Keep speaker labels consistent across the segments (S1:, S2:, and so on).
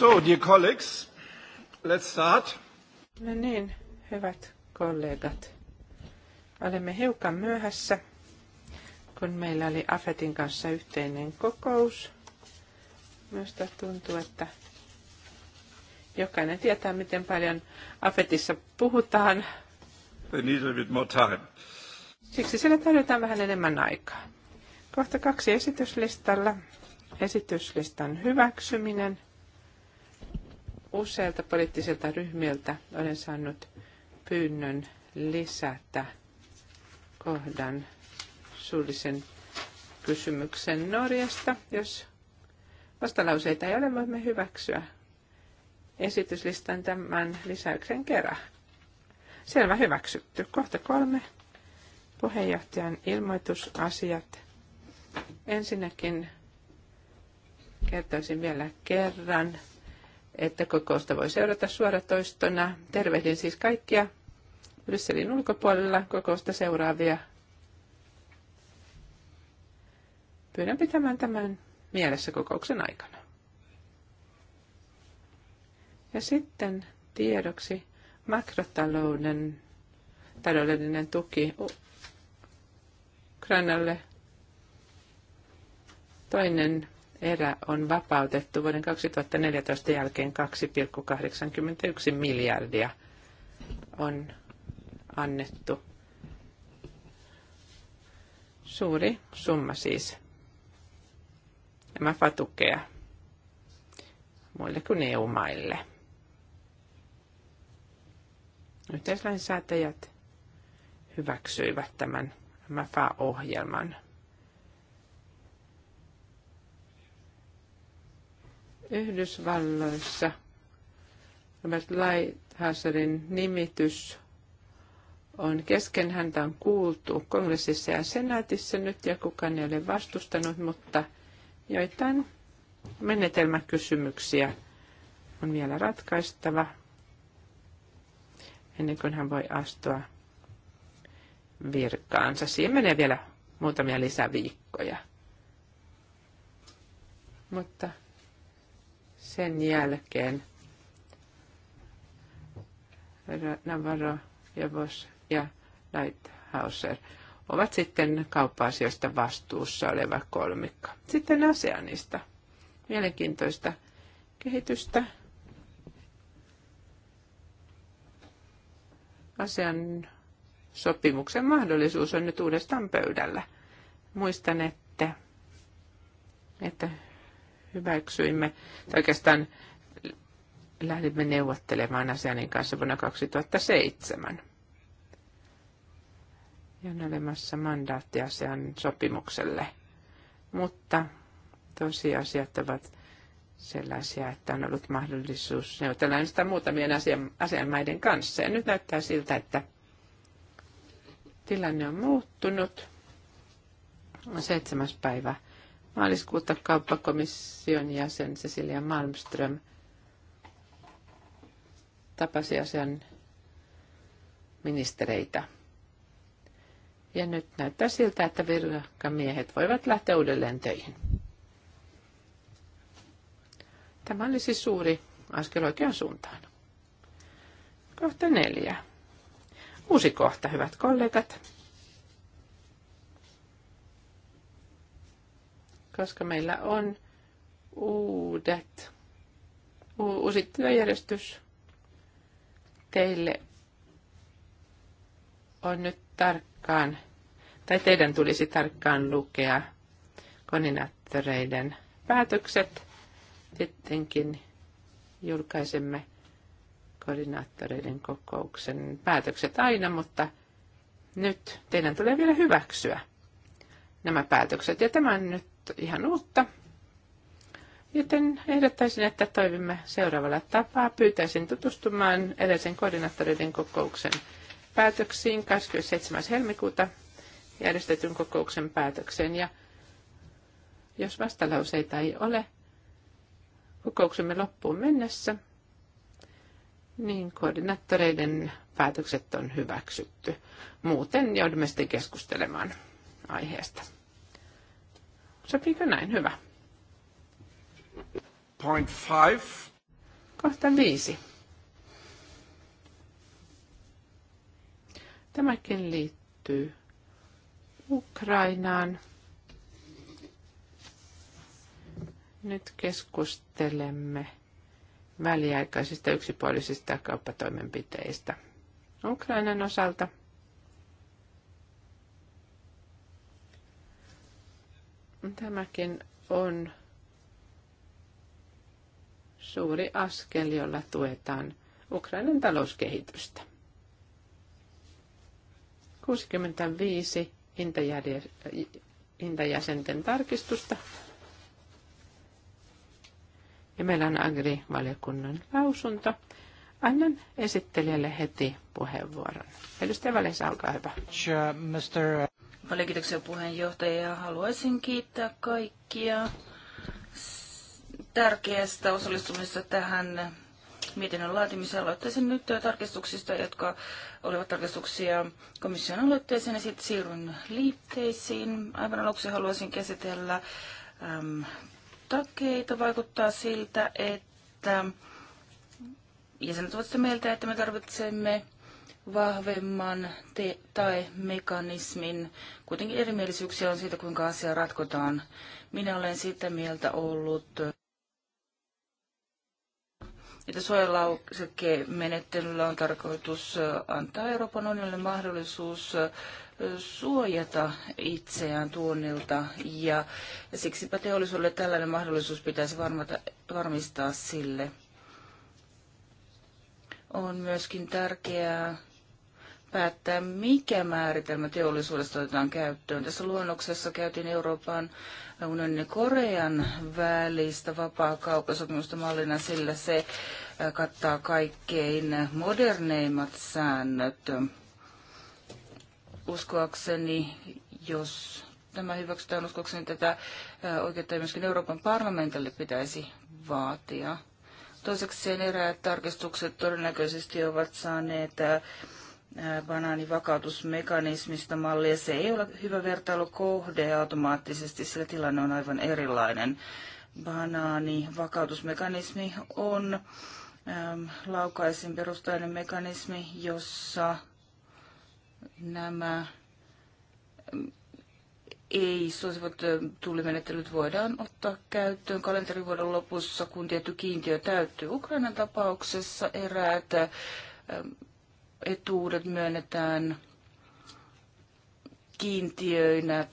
S1: So, dear colleagues, let's start.
S2: No niin, hyvät kollegat. Olemme hiukan myöhässä, kun meillä oli Afetin kanssa yhteinen kokous. Minusta tuntuu, että jokainen tietää, miten paljon Afetissa puhutaan. They need a bit more time. Siksi sillä tarvitaan vähän enemmän aikaa. Kohta kaksi esityslistalla. Esityslistan hyväksyminen – Useilta poliittisilta ryhmiltä olen saanut pyynnön lisätä kohdan suullisen kysymyksen Norjasta. Jos vastalauseita ei ole, voimme hyväksyä esityslistan tämän lisäyksen kerran. Selvä hyväksytty. Kohta kolme. Puheenjohtajan ilmoitusasiat. Ensinnäkin kertoisin vielä kerran että kokousta voi seurata suoratoistona. Tervehdin siis kaikkia Brysselin ulkopuolella kokousta seuraavia. Pyydän pitämään tämän mielessä kokouksen aikana. Ja sitten
S1: tiedoksi
S2: makrotalouden taloudellinen tuki Ukrainalle. Toinen erä on vapautettu vuoden 2014 jälkeen 2,81 miljardia on annettu. Suuri summa siis. MFA tukea muille kuin EU-maille. Yhteislainsäätäjät hyväksyivät tämän MFA-ohjelman Yhdysvalloissa Robert Lighthouserin nimitys on kesken. Häntä on kuultu kongressissa ja senaatissa nyt ja kukaan ei ole vastustanut, mutta joitain menetelmäkysymyksiä on vielä ratkaistava ennen kuin hän voi astua virkaansa. Siihen menee vielä muutamia lisäviikkoja. Mutta sen jälkeen Navarro ja Vos ja Lighthouser ovat sitten kauppa-asioista vastuussa oleva kolmikko. Sitten ASEANista. Mielenkiintoista kehitystä. ASEAN sopimuksen mahdollisuus on nyt uudestaan pöydällä. Muistan, että, että hyväksyimme, tai oikeastaan lähdimme neuvottelemaan asianin kanssa vuonna 2007. Ja on olemassa mandaatti ASEAN sopimukselle. Mutta tosiasiat ovat sellaisia, että on ollut mahdollisuus neuvotella sitä muutamien asian, asianmaiden kanssa. Ja nyt näyttää siltä, että tilanne on muuttunut. 7. päivä maaliskuuta kauppakomission jäsen Cecilia Malmström tapasi asian ministereitä. Ja nyt näyttää siltä, että virkamiehet voivat lähteä uudelleen töihin. Tämä oli siis suuri askel oikeaan suuntaan. Kohta neljä. Uusi kohta, hyvät kollegat. koska meillä on uudet, uusi työjärjestys teille on nyt tarkkaan, tai teidän tulisi tarkkaan lukea koordinaattoreiden päätökset. Sittenkin julkaisemme koordinaattoreiden kokouksen päätökset aina, mutta nyt teidän tulee vielä hyväksyä nämä päätökset. Ja tämä on nyt ihan uutta. Joten ehdottaisin, että toimimme seuraavalla tapaa. Pyytäisin tutustumaan edellisen koordinaattoreiden kokouksen päätöksiin 27. helmikuuta järjestetyn kokouksen päätökseen. Ja jos vastalauseita ei ole kokouksemme loppuun mennessä, niin koordinaattoreiden päätökset on hyväksytty. Muuten joudumme sitten keskustelemaan aiheesta. Sopiiko näin? Hyvä. Point five. Kohta viisi. Tämäkin liittyy Ukrainaan. Nyt keskustelemme väliaikaisista yksipuolisista kauppatoimenpiteistä Ukrainan osalta – Tämäkin on suuri askel, jolla tuetaan Ukrainan talouskehitystä. 65 hintajäsenten tarkistusta. Ja meillä on Agri-valiokunnan lausunto. Annan esittelijälle heti puheenvuoron. Edustaja Valensa, olkaa hyvä. Sure, Mr.
S1: Paljon kiitoksia puheenjohtaja ja haluaisin kiittää kaikkia tärkeästä osallistumisesta tähän mietinnön laatimiseen. Aloittaisin nyt tarkistuksista, jotka olivat tarkistuksia komission aloitteeseen ja sitten siirryn liitteisiin. Aivan aluksi haluaisin käsitellä äm, takeita. Vaikuttaa siltä, että jäsenet ovat sitä mieltä, että me tarvitsemme vahvemman te- tai mekanismin. Kuitenkin erimielisyyksiä on siitä, kuinka asia ratkotaan. Minä olen sitä mieltä ollut, että menettelyllä on tarkoitus antaa Euroopan unionille mahdollisuus suojata itseään tuonnilta ja siksipä teollisuudelle tällainen mahdollisuus pitäisi varmata, varmistaa sille. On myöskin tärkeää päättää, mikä määritelmä teollisuudesta otetaan käyttöön. Tässä luonnoksessa käytiin Euroopan unionin ja Korean välistä vapaa kauppasopimusta mallina, sillä se äh, kattaa kaikkein moderneimmat säännöt. Uskoakseni, jos tämä hyväksytään, uskoakseni tätä äh, oikeutta myöskin Euroopan parlamentille pitäisi vaatia. Toiseksi sen eräät tarkistukset todennäköisesti ovat saaneet äh, banaanivakautusmekanismista mallia. Se ei ole hyvä vertailukohde automaattisesti, sillä tilanne on aivan erilainen. Banaanivakautusmekanismi on äm, laukaisin perustainen mekanismi, jossa nämä ei suosivat tulimenettelyt voidaan ottaa käyttöön kalenterivuoden lopussa, kun tietty kiintiö täyttyy. Ukrainan tapauksessa eräät etuudet myönnetään kiintiöinä,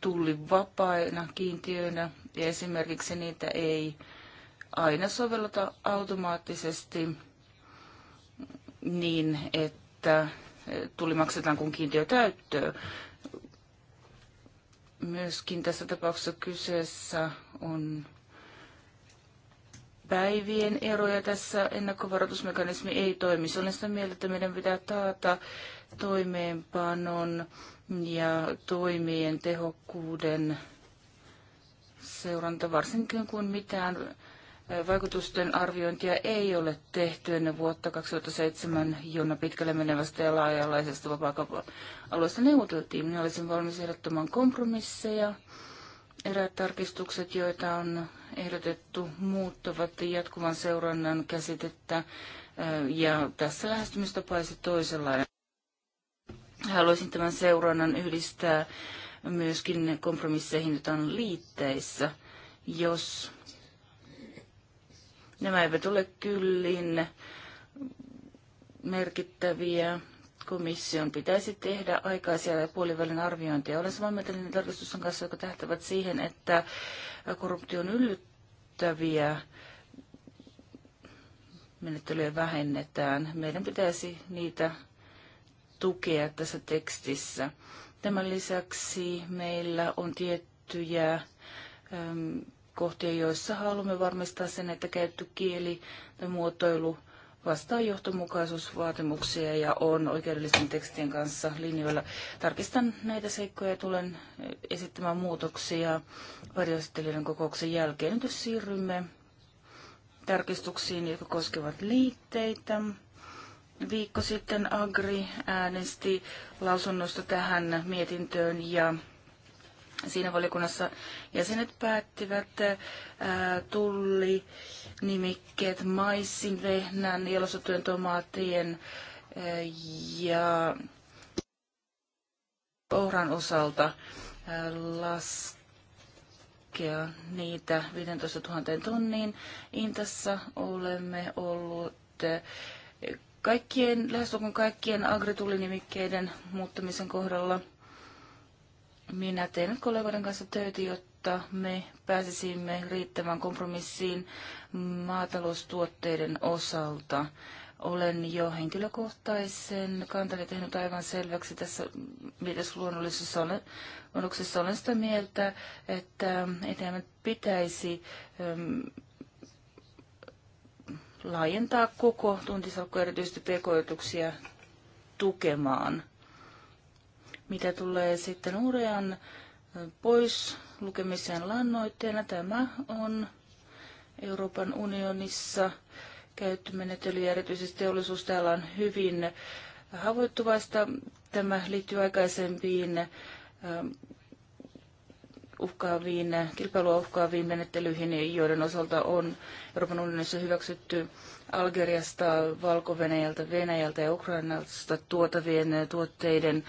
S1: tullivapaina vapaina kiintiöinä, ja esimerkiksi niitä ei aina sovelleta automaattisesti niin, että tuli maksetaan, kun kiintiö täyttöö. Myöskin tässä tapauksessa kyseessä on päivien eroja tässä ennakkovaroitusmekanismi ei toimi. Olen sitä mieltä, että meidän pitää taata toimeenpanon ja toimien tehokkuuden seuranta, varsinkin kun mitään vaikutusten arviointia ei ole tehty ennen vuotta 2007, jona pitkälle menevästä ja laajalaisesta vapaa alueesta neuvoteltiin. Minä olisin valmis ehdottamaan kompromisseja. Eräät tarkistukset, joita on ehdotettu muuttavat jatkuvan seurannan käsitettä ja tässä olisi toisenlainen. Haluaisin tämän seurannan yhdistää myöskin kompromisseihin, joita on liitteissä, jos nämä eivät ole kyllin merkittäviä. Komission pitäisi tehdä aikaisia ja puolivälin arviointia. Olen samaa mieltä niiden tarkistusten kanssa, jotka tähtävät siihen, että korruption yllyttäviä menettelyjä vähennetään. Meidän pitäisi niitä tukea tässä tekstissä. Tämän lisäksi meillä on tiettyjä äm, kohtia, joissa haluamme varmistaa sen, että käytetty kieli tai muotoilu vastaa johtomukaisuusvaatimuksia ja on oikeudellisten tekstien kanssa linjoilla. Tarkistan näitä seikkoja ja tulen esittämään muutoksia varjoesittelijöiden kokouksen jälkeen. Nyt jos siirrymme tarkistuksiin, jotka koskevat liitteitä. Viikko sitten Agri äänesti lausunnosta tähän mietintöön ja siinä valiokunnassa jäsenet päättivät äh, tulli, nimikkeet, maissin, vehnän, jalostettujen tomaattien äh, ja ohran osalta laskea niitä 15 000 tonniin. Intassa olemme ollut eh, kaikkien, lähestulkoon kaikkien agritulinimikkeiden muuttamisen kohdalla. Minä teen kollegoiden kanssa töitä, jotta me pääsisimme riittävään kompromissiin maataloustuotteiden osalta. Olen jo henkilökohtaisen kantani tehnyt aivan selväksi tässä mietosluonnollisessa olen, onnoksessa olen sitä mieltä, että eteenpäin pitäisi ähm, laajentaa koko tuntisalkku erityisesti pk tukemaan. Mitä tulee sitten urean äh, pois lukemiseen lannoitteena, tämä on Euroopan unionissa ja erityisesti teollisuus täällä on hyvin haavoittuvaista. Tämä liittyy aikaisempiin ähm, uhkaaviin, kilpailua uhkaaviin menettelyihin, joiden osalta on Euroopan unionissa hyväksytty Algeriasta, valko -Venäjältä, Venäjältä ja Ukrainasta tuotavien tuotteiden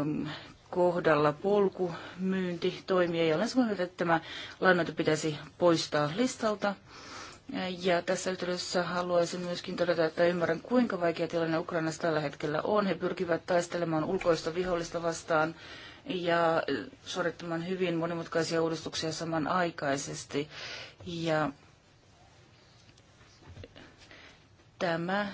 S1: äm, kohdalla polkumyyntitoimia. toimii. Ja olen samaa mieltä, että tämä lainoita pitäisi poistaa listalta. Ja tässä yhteydessä haluaisin myöskin todeta, että ymmärrän kuinka vaikea tilanne Ukrainassa tällä hetkellä on. He pyrkivät taistelemaan ulkoista vihollista vastaan ja suorittamaan hyvin monimutkaisia uudistuksia samanaikaisesti. Ja tämä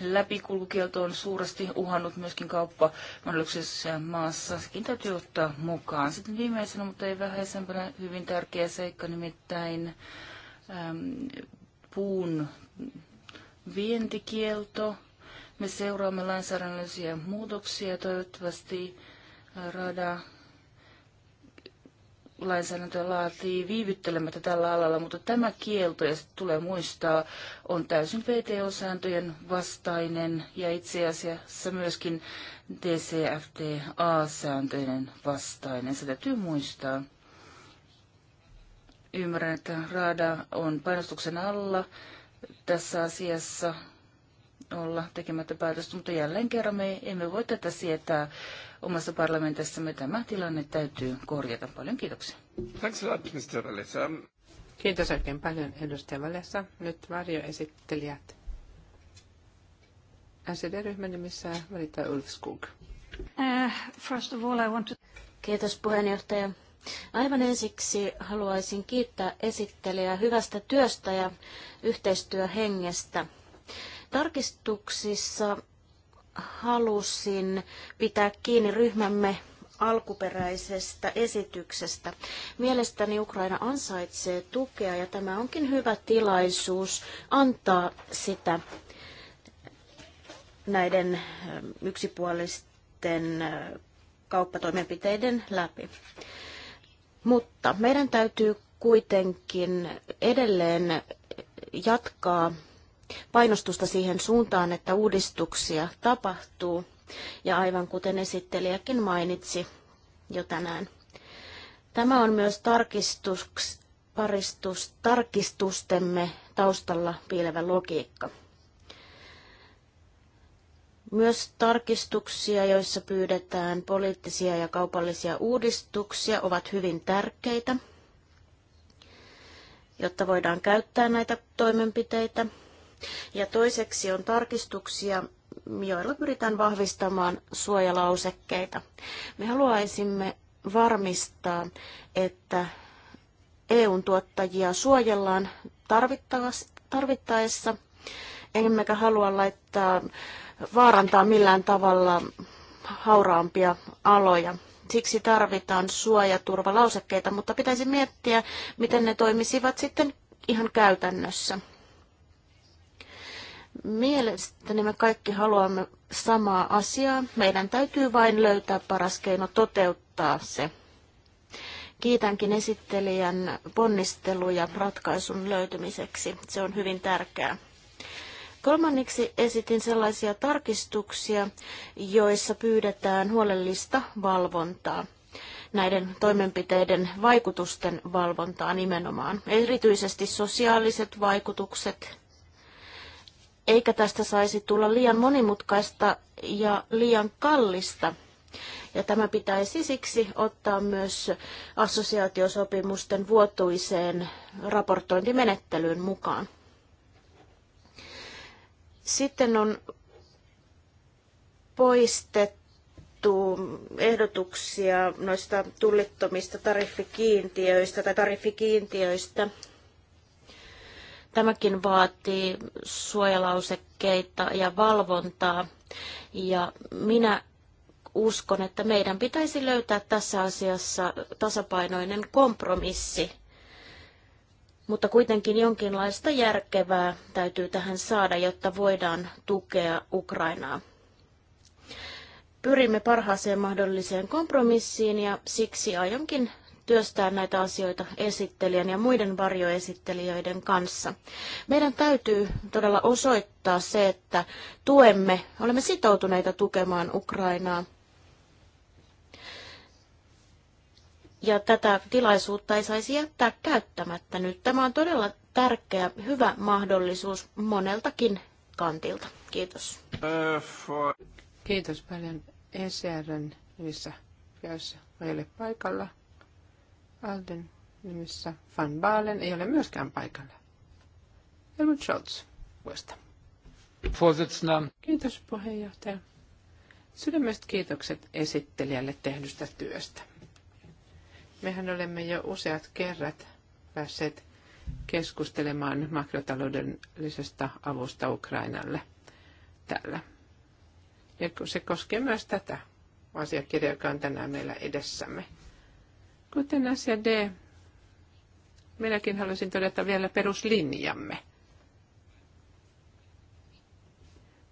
S1: läpikulkukielto on suuresti uhannut myöskin kauppamahdollisuuksia maassa. Sekin täytyy ottaa mukaan. Sitten viimeisenä, mutta ei vähäisempänä, hyvin tärkeä seikka, nimittäin äm, puun vientikielto. Me seuraamme lainsäädännöllisiä muutoksia. Toivottavasti Rada lainsäädäntö laatii viivyttelemättä tällä alalla, mutta tämä kielto, ja tulee muistaa, on täysin VTO-sääntöjen vastainen ja itse asiassa myöskin DCFTA-sääntöjen vastainen. Se täytyy muistaa. Ymmärrän, että Raada on painostuksen alla tässä asiassa olla tekemättä päätöstä, mutta jälleen kerran me emme voi tätä sietää omassa parlamentissamme.
S2: Tämä tilanne täytyy korjata. Paljon kiitoksia. Thanks a lot, Kiitos oikein paljon edustaja Valessa. Nyt varjoesittelijät. SED-ryhmän nimissä valitaan Ulf Skog.
S1: Uh, first of all, I
S3: want to... Kiitos puheenjohtaja. Aivan ensiksi haluaisin kiittää esittelijää hyvästä työstä ja yhteistyöhengestä. Tarkistuksissa halusin pitää kiinni ryhmämme alkuperäisestä esityksestä. Mielestäni Ukraina ansaitsee tukea ja tämä onkin hyvä tilaisuus antaa sitä näiden eh, yksipuolisten eh, kauppatoimenpiteiden läpi. Mutta meidän täytyy kuitenkin edelleen jatkaa painostusta siihen suuntaan, että uudistuksia tapahtuu. Ja aivan kuten esittelijäkin mainitsi jo tänään. Tämä on myös tarkistus, paristus, tarkistustemme taustalla piilevä logiikka. Myös tarkistuksia, joissa pyydetään poliittisia ja kaupallisia uudistuksia, ovat hyvin tärkeitä, jotta voidaan käyttää näitä toimenpiteitä ja toiseksi on tarkistuksia, joilla pyritään vahvistamaan suojalausekkeita. Me haluaisimme varmistaa, että EUn tuottajia suojellaan tarvittaessa, emmekä halua laittaa vaarantaa millään tavalla hauraampia aloja. Siksi tarvitaan suojaturvalausekkeita, mutta pitäisi miettiä, miten ne toimisivat sitten ihan käytännössä. Mielestäni me kaikki haluamme samaa asiaa. Meidän täytyy vain löytää paras keino toteuttaa se. Kiitänkin esittelijän ponnisteluja ratkaisun löytymiseksi. Se on hyvin tärkeää. Kolmanneksi esitin sellaisia tarkistuksia, joissa pyydetään huolellista valvontaa. Näiden toimenpiteiden vaikutusten valvontaa nimenomaan. Erityisesti sosiaaliset vaikutukset, eikä tästä saisi tulla liian monimutkaista ja liian kallista. Ja tämä pitäisi siksi ottaa myös assosiaatiosopimusten vuotuiseen raportointimenettelyyn mukaan. Sitten on poistettu ehdotuksia noista tullittomista tariffikiintiöistä tai tariffikiintiöistä – Tämäkin vaatii suojalausekkeita ja valvontaa. Ja minä uskon, että meidän pitäisi löytää tässä asiassa tasapainoinen kompromissi. Mutta kuitenkin jonkinlaista järkevää täytyy tähän saada, jotta voidaan tukea Ukrainaa. Pyrimme parhaaseen mahdolliseen kompromissiin ja siksi aionkin työstää näitä asioita esittelijän ja muiden varjoesittelijöiden kanssa. Meidän täytyy todella osoittaa se, että tuemme, olemme sitoutuneita tukemaan Ukrainaa. Ja tätä tilaisuutta ei saisi jättää käyttämättä nyt. Tämä on todella tärkeä, hyvä mahdollisuus moneltakin kantilta. Kiitos.
S2: Kiitos paljon ECRn niissä käyssä ei paikalla. Alden nimissä Van Baalen ei ole myöskään paikalla. Helmut Scholz, vuosta. Kiitos puheenjohtaja. Sydämestä kiitokset esittelijälle tehdystä työstä. Mehän olemme jo useat kerrat päässeet keskustelemaan makrotaloudellisesta avusta Ukrainalle tällä. Ja se koskee myös tätä asiakirjaa, joka on tänään meillä edessämme. Kuten asia D, minäkin haluaisin todeta vielä peruslinjamme.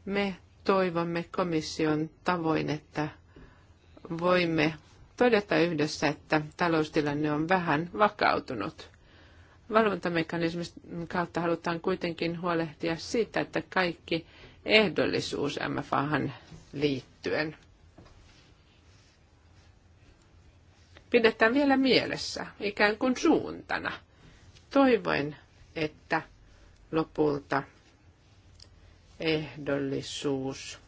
S2: Me toivomme komission tavoin, että voimme todeta yhdessä, että taloustilanne on vähän vakautunut. Valvontamekanismin kautta halutaan kuitenkin huolehtia siitä, että kaikki ehdollisuus MFAhan liittyen – pidetään vielä mielessä ikään kuin suuntana. Toivoin, että lopulta ehdollisuus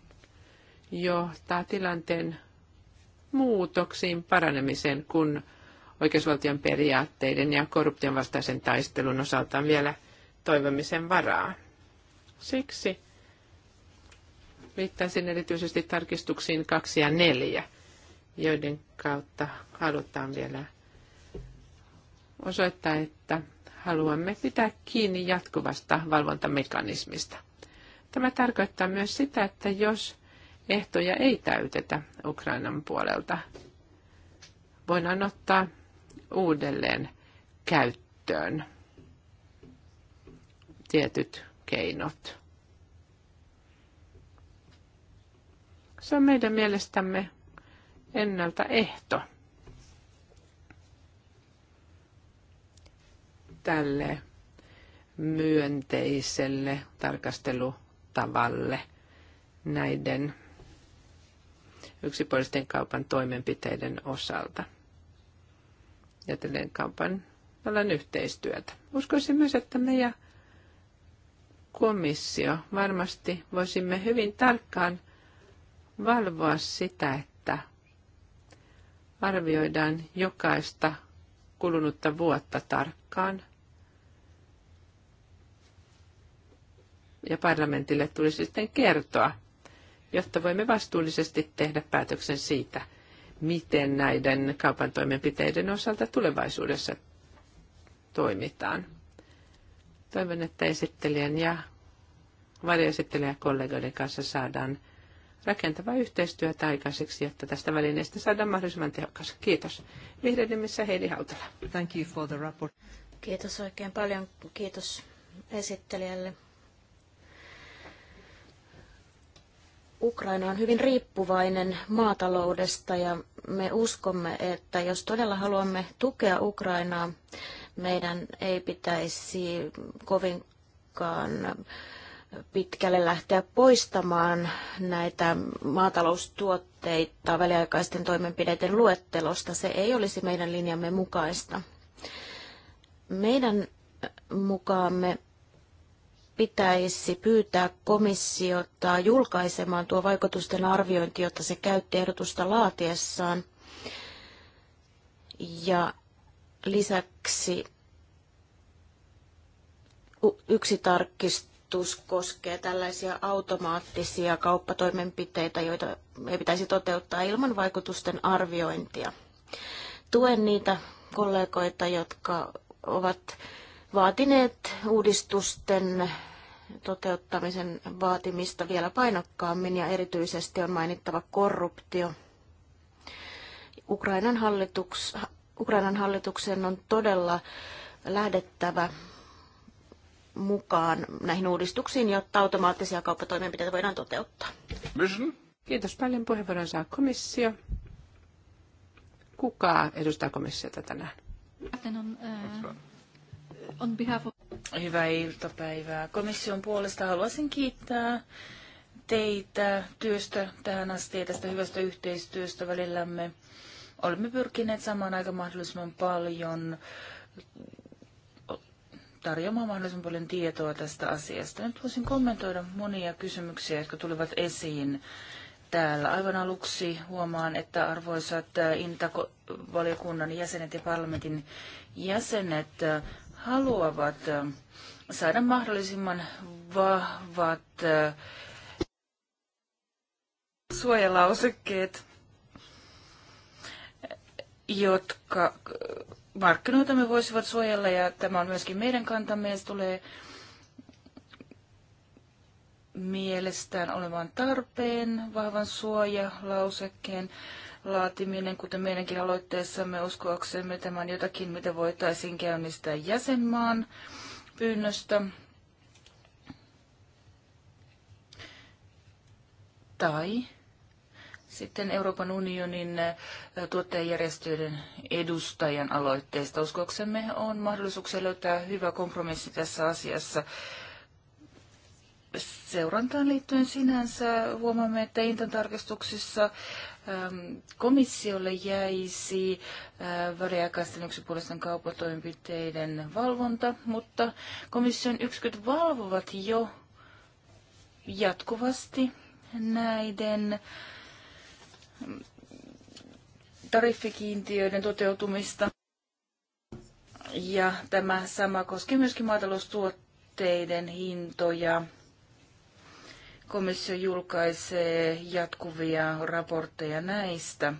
S2: johtaa tilanteen muutoksiin, paranemiseen, kun oikeusvaltion periaatteiden ja korruption vastaisen taistelun osalta on vielä toivomisen varaa. Siksi viittaisin erityisesti tarkistuksiin 2 ja 4 joiden kautta halutaan vielä osoittaa, että haluamme pitää kiinni jatkuvasta valvontamekanismista. Tämä tarkoittaa myös sitä, että jos ehtoja ei täytetä Ukrainan puolelta, voidaan ottaa uudelleen käyttöön tietyt keinot. Se on meidän mielestämme ennalta ehto tälle myönteiselle tarkastelutavalle näiden yksipuolisten kaupan toimenpiteiden osalta. Ja kaupan alan yhteistyötä. Uskoisin myös, että me ja komissio varmasti voisimme hyvin tarkkaan valvoa sitä, että arvioidaan jokaista kulunutta vuotta tarkkaan. Ja parlamentille tulisi sitten kertoa, jotta voimme vastuullisesti tehdä päätöksen siitä, miten näiden kaupan toimenpiteiden osalta tulevaisuudessa toimitaan. Toivon, että esittelijän ja kollegoiden kanssa saadaan rakentavaa yhteistyötä aikaiseksi, jotta tästä välineestä saadaan mahdollisimman tehokas. Kiitos. Vihreiden Heidi Hautala. Thank you for the report. Kiitos oikein paljon.
S3: Kiitos esittelijälle. Ukraina on hyvin riippuvainen maataloudesta ja me uskomme, että jos todella haluamme tukea Ukrainaa, meidän ei pitäisi kovinkaan pitkälle lähteä poistamaan näitä maataloustuotteita väliaikaisten toimenpideiden luettelosta. Se ei olisi meidän linjamme mukaista. Meidän mukaamme pitäisi pyytää komissiota julkaisemaan tuo vaikutusten arviointi, jotta se käytti ehdotusta laatiessaan. Ja lisäksi yksi tarkistus ehdotus koskee tällaisia automaattisia kauppatoimenpiteitä, joita ei pitäisi toteuttaa ilman vaikutusten arviointia. Tuen niitä kollegoita, jotka ovat vaatineet uudistusten toteuttamisen vaatimista vielä painokkaammin ja erityisesti on mainittava korruptio. Ukrainan, hallituks, Ukrainan hallituksen on todella lähdettävä mukaan näihin uudistuksiin, jotta automaattisia kauppatoimenpiteitä voidaan toteuttaa.
S2: Mission. Kiitos paljon. Puheenvuoron saa komissio. Kuka edustaa komissiota tänään?
S1: Äh, on behalf of... Hyvää iltapäivää. Komission puolesta haluaisin kiittää teitä työstä tähän asti ja tästä hyvästä yhteistyöstä välillämme. Olemme pyrkineet samaan aika mahdollisimman paljon tarjoamaan mahdollisimman paljon tietoa tästä asiasta. Nyt voisin kommentoida monia kysymyksiä, jotka tulivat esiin täällä. Aivan aluksi huomaan, että arvoisat äh, Intako-valiokunnan jäsenet ja parlamentin jäsenet äh, haluavat äh, saada mahdollisimman vahvat suojalausekkeet, jotka me voisivat suojella ja tämä on myöskin meidän kantamme ja se tulee mielestään olevan tarpeen vahvan suojalausekkeen laatiminen, kuten meidänkin aloitteessamme uskoaksemme tämän jotakin, mitä voitaisiin käynnistää jäsenmaan pyynnöstä. Tai sitten Euroopan unionin tuottajajärjestöiden edustajan aloitteesta. Uskoksemme on mahdollisuuksia löytää hyvä kompromissi tässä asiassa. Seurantaan liittyen sinänsä huomaamme, että intantarkistuksissa komissiolle jäisi väliaikaisten yksipuolisten kaupatoimenpiteiden valvonta, mutta komission yksiköt valvovat jo jatkuvasti näiden tariffikiintiöiden toteutumista. Ja tämä sama koskee myöskin maataloustuotteiden hintoja. Komissio julkaisee jatkuvia raportteja näistä.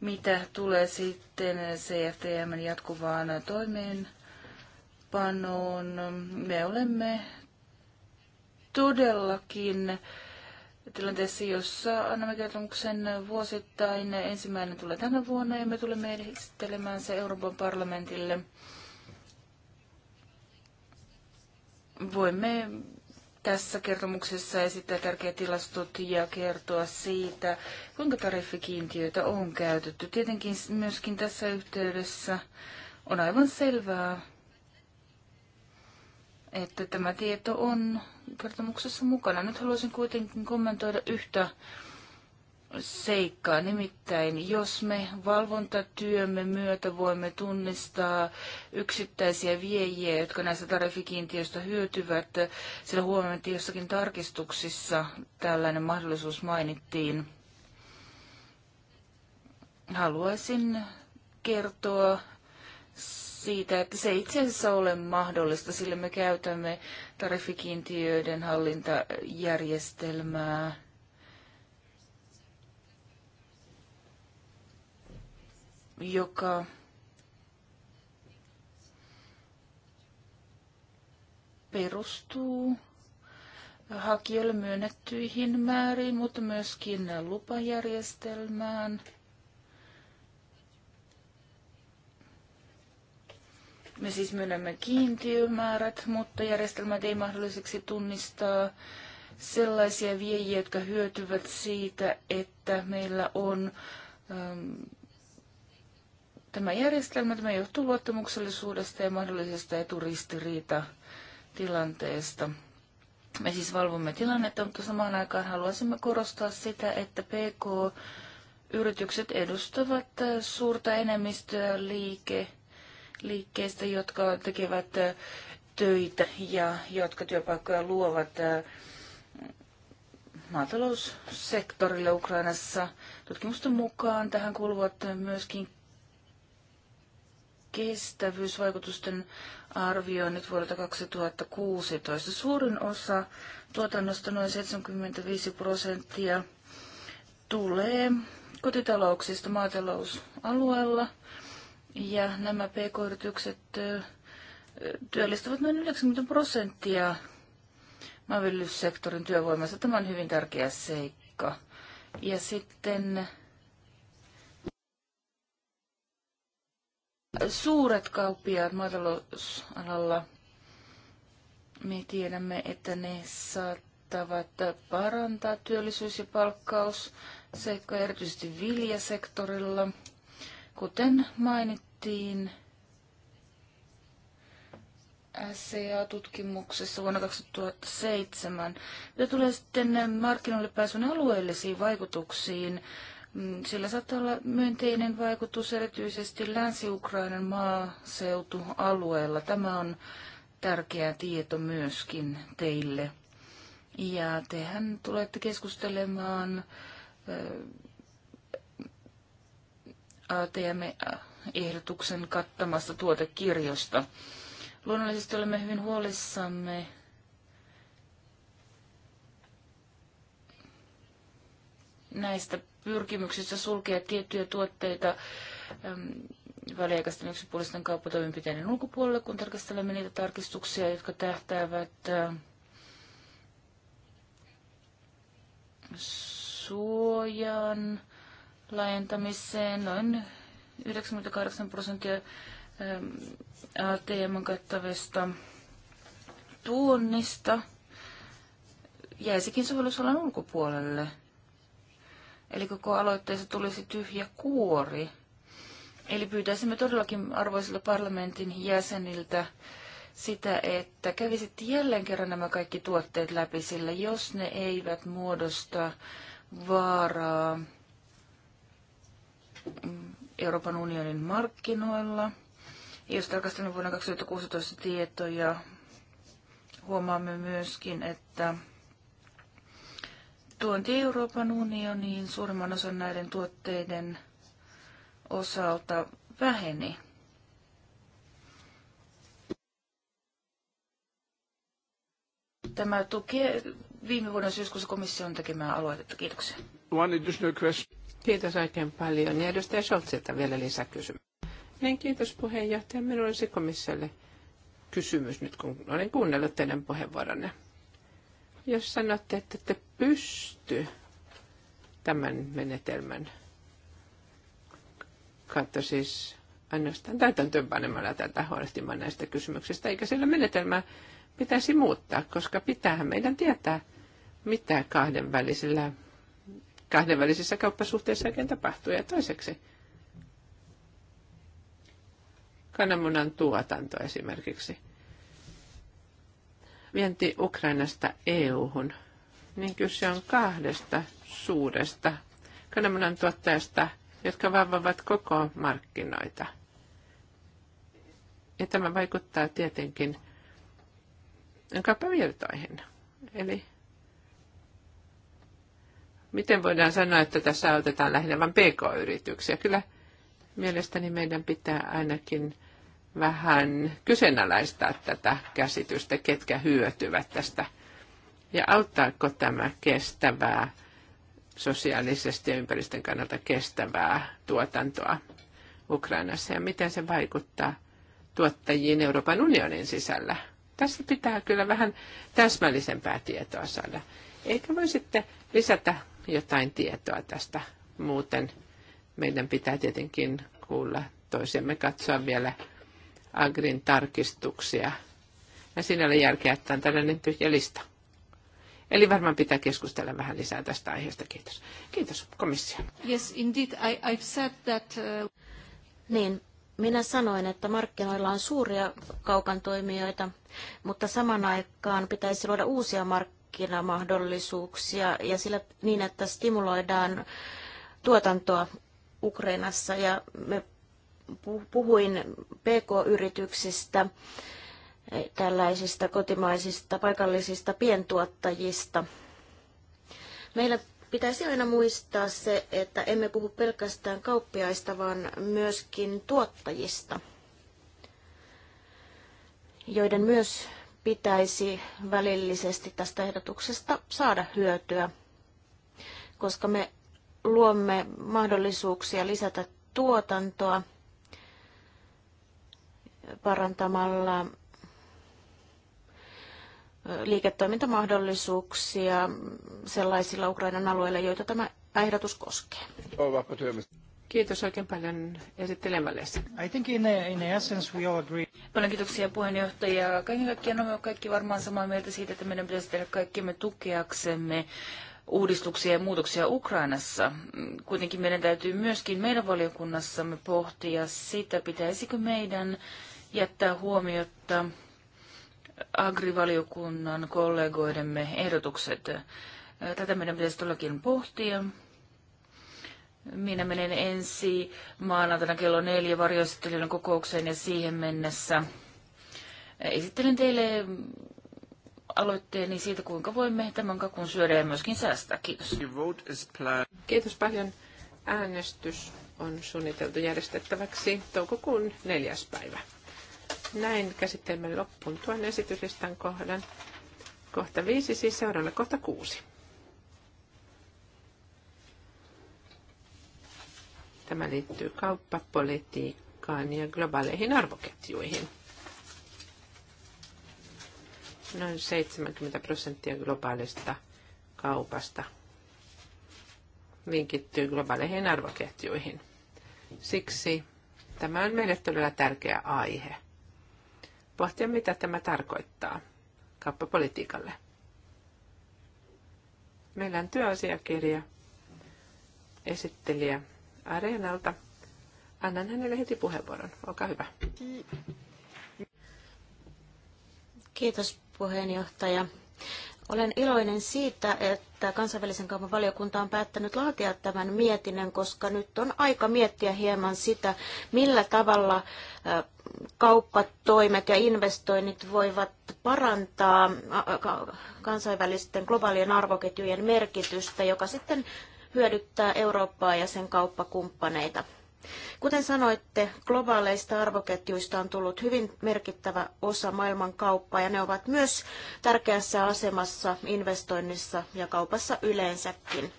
S1: Mitä tulee sitten CFTMn jatkuvaan toimeenpanoon, me olemme todellakin tilanteessa, jossa annamme kertomuksen vuosittain. Ensimmäinen tulee tänä vuonna ja me tulemme esittelemään se Euroopan parlamentille. Voimme tässä kertomuksessa esittää tärkeät tilastot ja kertoa siitä, kuinka tariffikiintiöitä on käytetty. Tietenkin myöskin tässä yhteydessä on aivan selvää, että tämä tieto on kertomuksessa mukana. Nyt haluaisin kuitenkin kommentoida yhtä seikkaa. Nimittäin, jos me valvontatyömme myötä voimme tunnistaa yksittäisiä viejiä, jotka näistä tarifikiintiöistä hyötyvät, sillä huomioon, että jossakin tarkistuksissa tällainen mahdollisuus mainittiin. Haluaisin kertoa siitä, että se itse asiassa ole mahdollista, sillä me käytämme tariffikiintiöiden hallintajärjestelmää. joka perustuu hakijoille myönnettyihin määriin, mutta myöskin lupajärjestelmään – Me siis myönnämme kiintiömäärät, mutta järjestelmät ei mahdolliseksi tunnistaa sellaisia viejiä, jotka hyötyvät siitä, että meillä on äm, tämä järjestelmä. Tämä johtuu luottamuksellisuudesta ja mahdollisesta eturistiriita tilanteesta. Me siis valvomme tilannetta, mutta samaan aikaan haluaisimme korostaa sitä, että PK-yritykset edustavat suurta enemmistöä liike- liikkeistä, jotka tekevät äh, töitä ja jotka työpaikkoja luovat äh, maataloussektorille Ukrainassa. Tutkimusten mukaan tähän kuuluvat myöskin kestävyysvaikutusten arvioinnit vuodelta 2016. Suurin osa tuotannosta, noin 75 prosenttia, tulee kotitalouksista maatalousalueella – ja nämä pk-yritykset työllistävät noin 90 prosenttia maanviljelyssektorin työvoimasta. Tämä on hyvin tärkeä seikka. Ja sitten suuret kauppiaat maatalousalalla, me tiedämme, että ne saattavat parantaa työllisyys- ja palkkausseikkoja erityisesti viljasektorilla – Kuten mainittiin SCA-tutkimuksessa vuonna 2007, mitä tulee sitten markkinoille pääsyn alueellisiin vaikutuksiin, mm, sillä saattaa olla myönteinen vaikutus erityisesti Länsi-Ukrainan maaseutualueella. Tämä on tärkeä tieto myöskin teille. Ja tehän tulette keskustelemaan teemme äh, ehdotuksen kattamasta tuotekirjosta. Luonnollisesti olemme hyvin huolissamme näistä pyrkimyksistä sulkea tiettyjä tuotteita väliaikaisten yksipuolisten kauppatoimenpiteiden ulkopuolelle, kun tarkastelemme niitä tarkistuksia, jotka tähtäävät äh, suojan laajentamiseen noin 98 prosenttia ATM ähm, kattavista tuonnista jäisikin sovellusalan ulkopuolelle. Eli koko aloitteessa tulisi tyhjä kuori. Eli pyytäisimme todellakin arvoisilta parlamentin jäseniltä sitä, että kävisitte jälleen kerran nämä kaikki tuotteet läpi, sillä jos ne eivät muodosta vaaraa Euroopan unionin markkinoilla. Jos tarkastelemme vuonna 2016 tietoja, huomaamme myöskin, että tuonti Euroopan unioniin suurimman osan näiden tuotteiden osalta väheni. Tämä tukee viime vuoden syyskuussa komission
S2: tekemää aloitetta. Kiitoksia. One additional question. Kiitos oikein paljon. Ja edustaja Scholzilta vielä lisäkysymys. Niin, kiitos puheenjohtaja. Minulla olisi komissiolle kysymys nyt, kun olen kuunnellut teidän puheenvuoronne. Jos sanotte, että te pysty tämän menetelmän kautta siis ainoastaan täytäntöönpanemalla tätä huolehtimaan näistä kysymyksistä, eikä sillä menetelmää pitäisi muuttaa, koska pitäähän meidän tietää, mitä kahdenvälisillä kahdenvälisissä kauppasuhteissa oikein tapahtuu. Ja toiseksi kananmunan tuotanto esimerkiksi. Vienti Ukrainasta EU-hun, niin kyse on kahdesta suuresta kananmunan tuottajasta, jotka vahvavat koko markkinoita. Ja tämä vaikuttaa tietenkin kauppavirtoihin. Eli Miten voidaan sanoa, että tässä autetaan lähinnä vain pk-yrityksiä? Kyllä mielestäni meidän pitää ainakin vähän kyseenalaistaa tätä käsitystä, ketkä hyötyvät tästä. Ja auttaako tämä kestävää, sosiaalisesti ja ympäristön kannalta kestävää tuotantoa Ukrainassa ja miten se vaikuttaa tuottajiin Euroopan unionin sisällä. Tässä pitää kyllä vähän täsmällisempää tietoa saada. Eikä voi sitten lisätä jotain tietoa tästä. Muuten meidän pitää tietenkin kuulla toisemme katsoa vielä Agrin tarkistuksia. Ja siinä oli järkeä, että on tällainen tyhjä lista. Eli varmaan pitää keskustella vähän lisää tästä aiheesta. Kiitos. Kiitos komissio.
S1: Yes, indeed. I, I've said that, uh...
S3: Niin, minä sanoin, että markkinoilla on suuria kaukan toimijoita, mutta saman aikaan pitäisi luoda uusia markkinoita markkinamahdollisuuksia ja sillä, niin, että stimuloidaan tuotantoa Ukrainassa. Ja me puhuin PK-yrityksistä, tällaisista kotimaisista paikallisista pientuottajista. Meillä pitäisi aina muistaa se, että emme puhu pelkästään kauppiaista, vaan myöskin tuottajista, joiden myös pitäisi välillisesti tästä ehdotuksesta saada hyötyä, koska me luomme mahdollisuuksia lisätä tuotantoa parantamalla liiketoimintamahdollisuuksia sellaisilla
S2: Ukrainan alueilla, joita tämä ehdotus koskee. Kiitos oikein paljon
S1: I think in, in essence we all agree. Paljon kiitoksia puheenjohtaja. Kaiken kaikkiaan olemme kaikki varmaan samaa mieltä siitä, että meidän pitäisi tehdä kaikkemme tukeaksemme uudistuksia ja muutoksia Ukrainassa. Kuitenkin meidän täytyy myöskin meidän valiokunnassamme pohtia sitä, pitäisikö meidän jättää huomiota agrivaliokunnan kollegoidemme ehdotukset. Tätä meidän pitäisi todellakin pohtia. Minä menen ensi maanantaina kello neljä varjoesittelijän kokoukseen ja siihen mennessä esittelen
S2: teille aloitteeni siitä, kuinka voimme tämän kakun
S1: syödä ja myöskin säästää.
S2: Kiitos. Kiitos paljon. Äänestys on suunniteltu järjestettäväksi toukokuun neljäs päivä. Näin käsittelemme loppuun tuon esityslistan kohdan. Kohta viisi, siis seuraavana kohta kuusi. Tämä liittyy kauppapolitiikkaan ja globaaleihin arvoketjuihin. Noin 70 prosenttia globaalista kaupasta linkittyy globaaleihin arvoketjuihin. Siksi tämä on meille todella tärkeä aihe. Pohtia, mitä tämä tarkoittaa kauppapolitiikalle. Meillä on työasiakirja, esittelijä Areenalta. Annan hänelle heti puheenvuoron. Olkaa hyvä.
S3: Kiitos puheenjohtaja. Olen iloinen siitä, että kansainvälisen kaupan valiokunta on päättänyt laatia tämän mietinnön, koska nyt on aika miettiä hieman sitä, millä tavalla kauppatoimet ja investoinnit voivat parantaa kansainvälisten globaalien arvoketjujen merkitystä, joka sitten hyödyttää Eurooppaa ja sen kauppakumppaneita. Kuten sanoitte, globaaleista arvoketjuista on tullut hyvin merkittävä osa maailman kauppaa ja ne ovat myös tärkeässä asemassa investoinnissa ja kaupassa yleensäkin.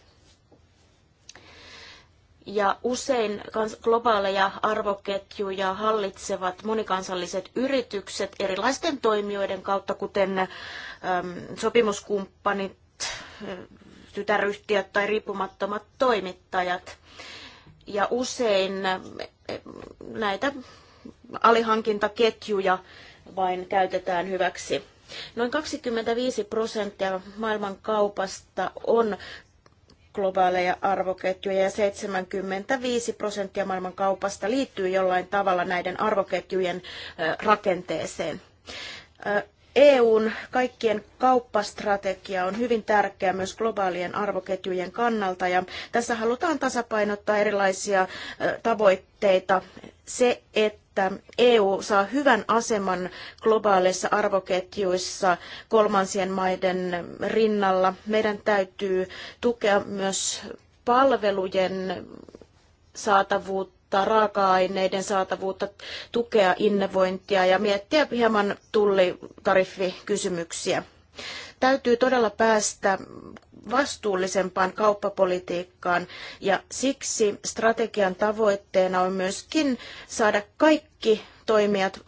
S3: Ja usein globaaleja arvoketjuja hallitsevat monikansalliset yritykset erilaisten toimijoiden kautta, kuten sopimuskumppanit, tytäryhtiöt tai riippumattomat toimittajat. Ja usein näitä alihankintaketjuja vain käytetään hyväksi. Noin 25 prosenttia maailman kaupasta on globaaleja arvoketjuja ja 75 prosenttia maailman kaupasta liittyy jollain tavalla näiden arvoketjujen rakenteeseen. EUn kaikkien kauppastrategia on hyvin tärkeä myös globaalien arvoketjujen kannalta ja tässä halutaan tasapainottaa erilaisia tavoitteita. Se, että EU saa hyvän aseman globaaleissa arvoketjuissa kolmansien maiden rinnalla. Meidän täytyy tukea myös palvelujen saatavuutta helpottaa raaka-aineiden saatavuutta, tukea innovointia ja miettiä hieman tullitariffikysymyksiä. Täytyy todella päästä vastuullisempaan kauppapolitiikkaan ja siksi strategian tavoitteena on myöskin saada kaikki toimijat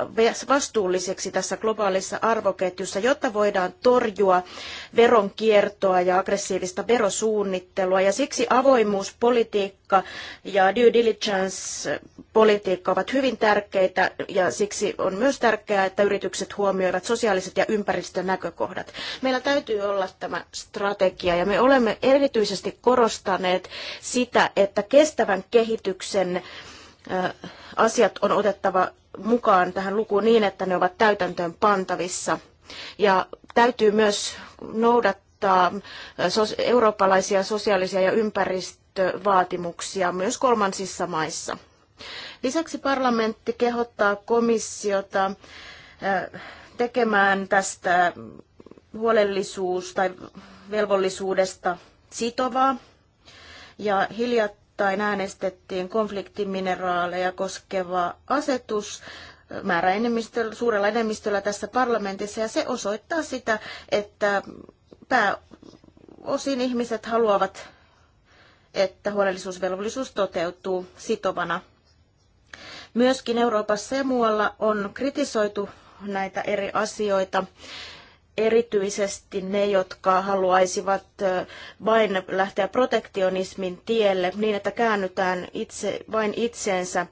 S3: vastuullisiksi tässä globaalissa arvoketjussa, jotta voidaan torjua veronkiertoa ja aggressiivista verosuunnittelua. Ja siksi avoimuuspolitiikka ja due diligence-politiikka ovat hyvin tärkeitä ja siksi on myös tärkeää, että yritykset huomioivat sosiaaliset ja ympäristönäkökohdat. Meillä täytyy olla tämä strategia ja me olemme erityisesti korostaneet sitä, että kestävän kehityksen asiat on otettava mukaan tähän lukuun niin, että ne ovat täytäntöön pantavissa. Ja täytyy myös noudattaa eurooppalaisia sosiaalisia ja ympäristövaatimuksia myös kolmansissa maissa. Lisäksi parlamentti kehottaa komissiota tekemään tästä huolellisuus- tai velvollisuudesta sitovaa. Ja hiljattain hiljattain äänestettiin konfliktimineraaleja koskeva asetus enemmistöllä, suurella enemmistöllä tässä parlamentissa, ja se osoittaa sitä, että pääosin ihmiset haluavat, että huolellisuusvelvollisuus toteutuu sitovana. Myöskin Euroopassa ja muualla on kritisoitu näitä eri asioita erityisesti ne, jotka haluaisivat vain lähteä protektionismin tielle niin, että käännytään itse, vain itseensä,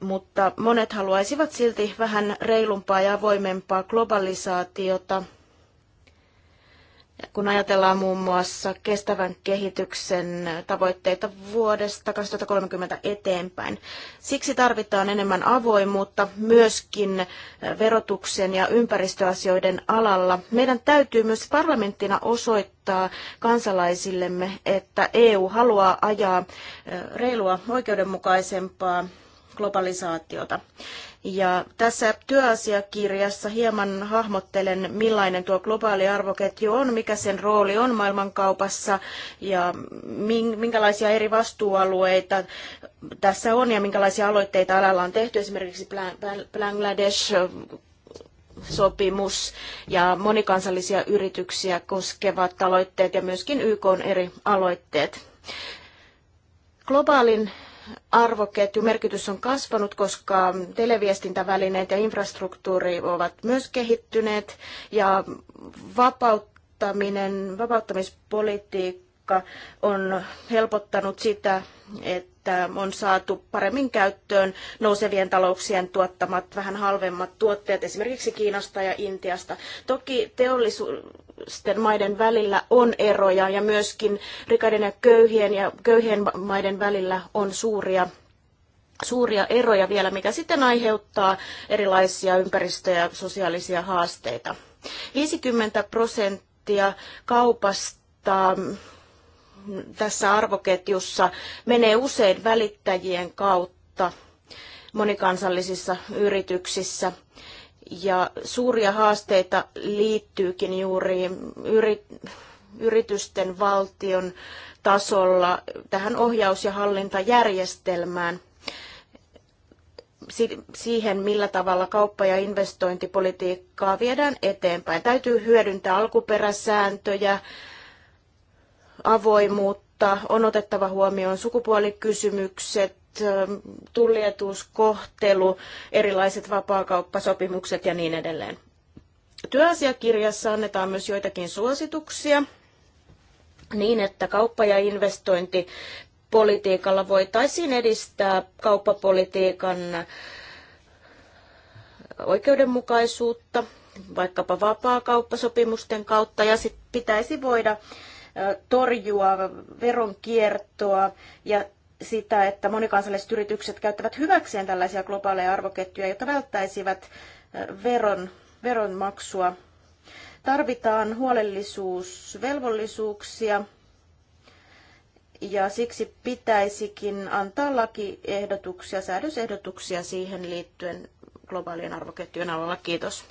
S3: mutta monet haluaisivat silti vähän reilumpaa ja avoimempaa globalisaatiota kun ajatellaan muun muassa kestävän kehityksen tavoitteita vuodesta 2030 eteenpäin. Siksi tarvitaan enemmän avoimuutta myöskin verotuksen ja ympäristöasioiden alalla. Meidän täytyy myös parlamenttina osoittaa kansalaisillemme, että EU haluaa ajaa reilua, oikeudenmukaisempaa globalisaatiota. Ja tässä työasiakirjassa hieman hahmottelen, millainen tuo globaali arvoketju on, mikä sen rooli on maailmankaupassa ja minkälaisia eri vastuualueita tässä on ja minkälaisia aloitteita alalla on tehty. Esimerkiksi Bangladesh sopimus ja monikansallisia yrityksiä koskevat aloitteet ja myöskin YK eri aloitteet. Globaalin arvoketjun merkitys on kasvanut, koska televiestintävälineet ja infrastruktuuri ovat myös kehittyneet ja vapauttaminen, vapauttamispolitiikka on helpottanut sitä, että on saatu paremmin käyttöön nousevien talouksien tuottamat vähän halvemmat tuotteet esimerkiksi Kiinasta ja Intiasta. Toki teollisu- maiden välillä on eroja ja myöskin rikaiden ja köyhien ja köyhien maiden välillä on suuria suuria eroja vielä, mikä sitten aiheuttaa erilaisia ympäristö- ja sosiaalisia haasteita. 50 prosenttia kaupasta mm, tässä arvoketjussa menee usein välittäjien kautta monikansallisissa yrityksissä. Ja suuria haasteita liittyykin juuri yritysten valtion tasolla tähän ohjaus- ja hallintajärjestelmään, siihen, millä tavalla kauppa- ja investointipolitiikkaa viedään eteenpäin. Täytyy hyödyntää alkuperäsääntöjä, avoimuutta, on otettava huomioon sukupuolikysymykset, Ähm, tullietuus, kohtelu, erilaiset vapaakauppasopimukset ja niin edelleen. Työasiakirjassa annetaan myös joitakin suosituksia niin, että kauppa- ja investointipolitiikalla voitaisiin edistää kauppapolitiikan äh, oikeudenmukaisuutta, vaikkapa vapaakauppasopimusten kautta, ja sitten pitäisi voida äh, torjua veronkiertoa ja sitä, että monikansalliset yritykset käyttävät hyväkseen tällaisia globaaleja arvoketjuja, jotta välttäisivät veron, veronmaksua. Tarvitaan huolellisuusvelvollisuuksia ja siksi pitäisikin antaa lakiehdotuksia, säädösehdotuksia siihen liittyen globaalien arvoketjujen alalla. Kiitos.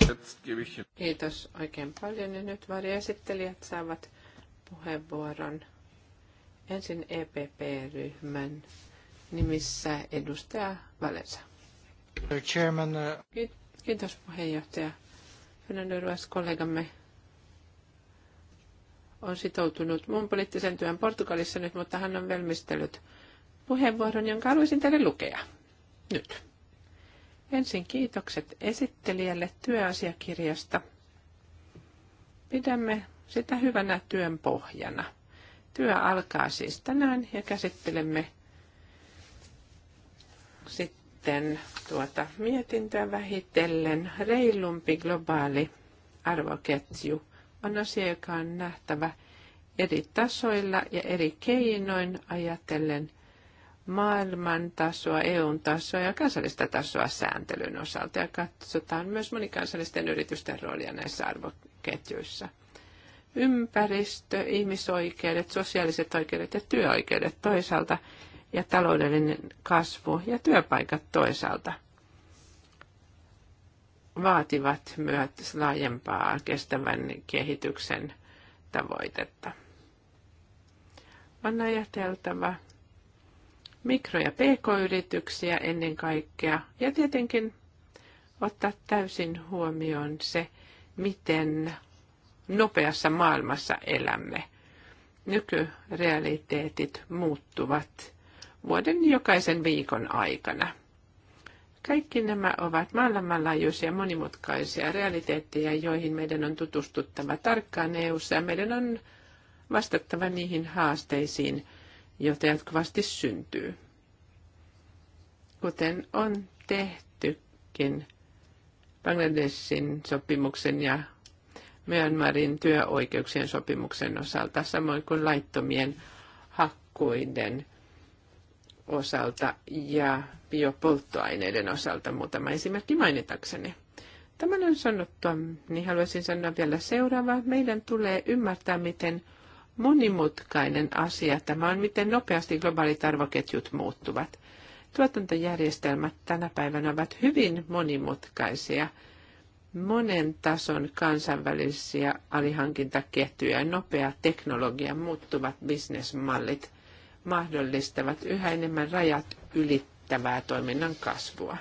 S2: Kiitos oikein paljon ja nyt varjoesittelijät saavat puheenvuoron. Ensin EPP-ryhmän nimissä edustaja Valensa. Chairman, uh, Kiitos puheenjohtaja. Fernando Ruas, kollegamme, on sitoutunut mun poliittisen työn Portugalissa nyt, mutta hän on valmistellut puheenvuoron, jonka haluaisin teille lukea. Nyt. Ensin kiitokset esittelijälle työasiakirjasta. Pidämme sitä hyvänä työn pohjana – Työ alkaa siis tänään ja käsittelemme sitten tuota mietintöä vähitellen. Reilumpi globaali arvoketju on asia, joka on nähtävä eri tasoilla ja eri keinoin ajatellen maailman tasoa, EUn tasoa ja kansallista tasoa sääntelyn osalta. Ja katsotaan myös monikansallisten yritysten roolia näissä arvoketjuissa. Ympäristö, ihmisoikeudet, sosiaaliset oikeudet ja työoikeudet toisaalta ja taloudellinen kasvu ja työpaikat toisaalta vaativat myös laajempaa kestävän kehityksen tavoitetta. On ajateltava mikro- ja pk-yrityksiä ennen kaikkea ja tietenkin ottaa täysin huomioon se, miten nopeassa maailmassa elämme. Nykyrealiteetit muuttuvat vuoden jokaisen viikon aikana. Kaikki nämä ovat maailmanlaajuisia monimutkaisia realiteetteja, joihin meidän on tutustuttava tarkkaan eu ja meidän on vastattava niihin haasteisiin, joita jatkuvasti syntyy. Kuten on tehtykin Bangladesin sopimuksen ja Myanmarin työoikeuksien sopimuksen osalta, samoin kuin laittomien hakkuiden osalta ja biopolttoaineiden osalta muutama esimerkki mainitakseni. Tämän on sanottu, niin haluaisin sanoa vielä seuraava: Meidän tulee ymmärtää, miten monimutkainen asia tämä on, miten nopeasti globaalit arvoketjut muuttuvat. Tuotantojärjestelmät tänä päivänä ovat hyvin monimutkaisia – monen tason kansainvälisiä alihankintaketjuja ja nopea teknologia muuttuvat bisnesmallit mahdollistavat yhä enemmän rajat ylittävää toiminnan kasvua.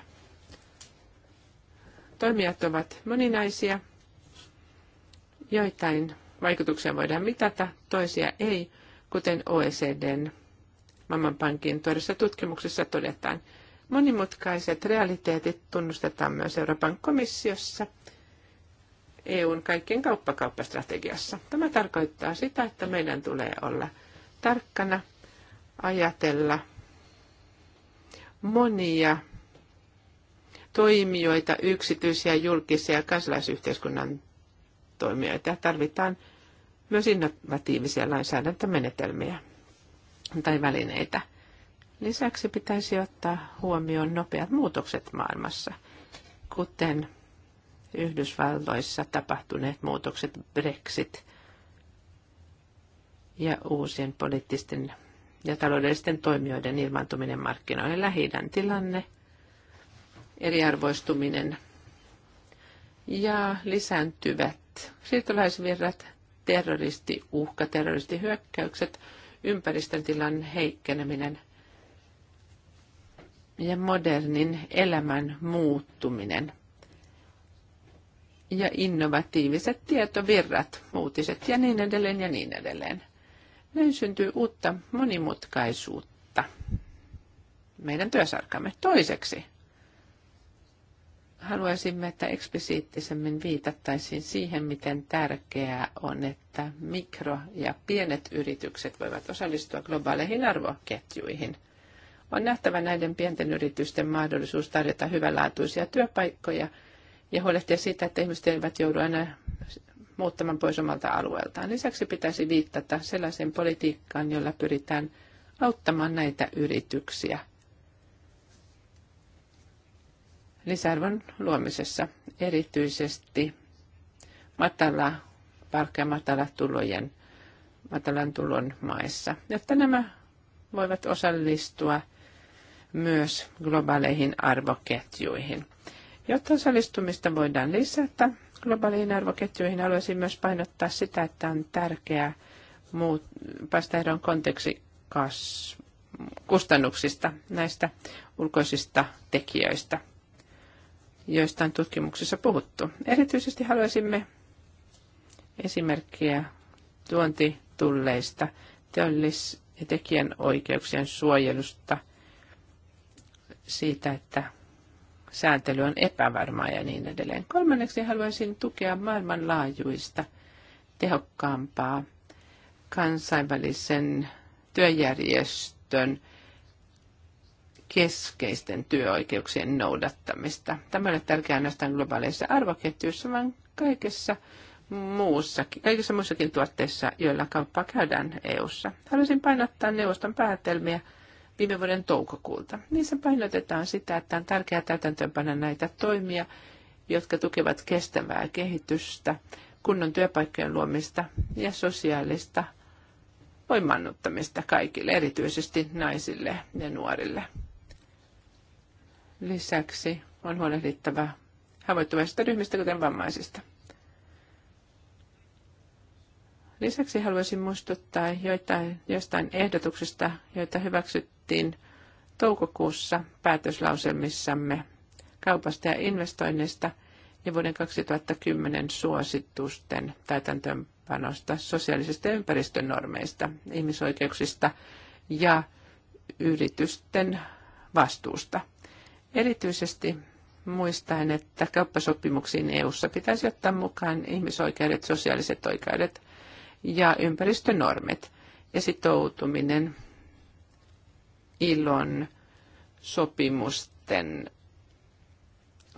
S2: Toimijat ovat moninaisia, joitain vaikutuksia voidaan mitata, toisia ei, kuten OECDn Maailmanpankin tuoreessa tutkimuksessa todetaan – Monimutkaiset realiteetit tunnustetaan myös Euroopan komissiossa EUn kaikkien kauppakauppastrategiassa. Tämä tarkoittaa sitä, että meidän tulee olla tarkkana, ajatella monia toimijoita, yksityisiä, julkisia ja kansalaisyhteiskunnan toimijoita. Tarvitaan myös innovatiivisia lainsäädäntömenetelmiä tai välineitä. Lisäksi pitäisi ottaa huomioon nopeat muutokset maailmassa, kuten Yhdysvalloissa tapahtuneet muutokset Brexit ja uusien poliittisten ja taloudellisten toimijoiden ilmaantuminen markkinoille, lähi tilanne, eriarvoistuminen ja lisääntyvät siirtolaisvirrat, terroristiuhka, terroristihyökkäykset, ympäristön tilan heikkeneminen, ja modernin elämän muuttuminen ja innovatiiviset tietovirrat, uutiset ja niin edelleen ja niin edelleen. Näin syntyy uutta monimutkaisuutta meidän työsarkamme. Toiseksi haluaisimme, että eksplisiittisemmin viitattaisiin siihen, miten tärkeää on, että mikro- ja pienet yritykset voivat osallistua globaaleihin arvoketjuihin – on nähtävä näiden pienten yritysten mahdollisuus tarjota hyvänlaatuisia työpaikkoja ja huolehtia siitä, että ihmiset eivät joudu aina muuttamaan pois omalta alueeltaan. Lisäksi pitäisi viittata sellaiseen politiikkaan, jolla pyritään auttamaan näitä yrityksiä lisäarvon luomisessa, erityisesti matala palkka- ja matala tulojen, matalan tulon maissa, jotta nämä voivat osallistua myös globaaleihin arvoketjuihin. Jotta osallistumista voidaan lisätä globaaliin arvoketjuihin, haluaisin myös painottaa sitä, että on tärkeää muut, päästä eroon konteksti kustannuksista, näistä ulkoisista tekijöistä, joista on tutkimuksissa puhuttu. Erityisesti haluaisimme esimerkkiä tuontitulleista, teollis- ja tekijänoikeuksien suojelusta – siitä, että sääntely on epävarmaa ja niin edelleen. Kolmanneksi haluaisin tukea maailmanlaajuista tehokkaampaa kansainvälisen työjärjestön keskeisten työoikeuksien noudattamista. Tämä on tärkeää ainoastaan globaaleissa arvoketjuissa, vaan kaikessa muussakin, kaikissa muissakin tuotteissa, joilla kauppaa käydään EU-ssa. Haluaisin painottaa neuvoston päätelmiä – viime vuoden toukokuulta. Niissä painotetaan sitä, että on tärkeää täytäntöönpanna näitä toimia, jotka tukevat kestävää kehitystä, kunnon työpaikkojen luomista ja sosiaalista voimannuttamista kaikille, erityisesti naisille ja nuorille. Lisäksi on huolehdittava haavoittuvaisista ryhmistä, kuten vammaisista. Lisäksi haluaisin muistuttaa joitain, jostain ehdotuksista, joita hyväksyttiin toukokuussa päätöslauselmissamme kaupasta ja investoinneista ja vuoden 2010 suositusten täytäntöönpanosta sosiaalisista ympäristönormeista, ihmisoikeuksista ja yritysten vastuusta. Erityisesti muistaen, että kauppasopimuksiin EU:ssa pitäisi ottaa mukaan ihmisoikeudet, sosiaaliset oikeudet, ja ympäristönormit ja sitoutuminen ilon sopimusten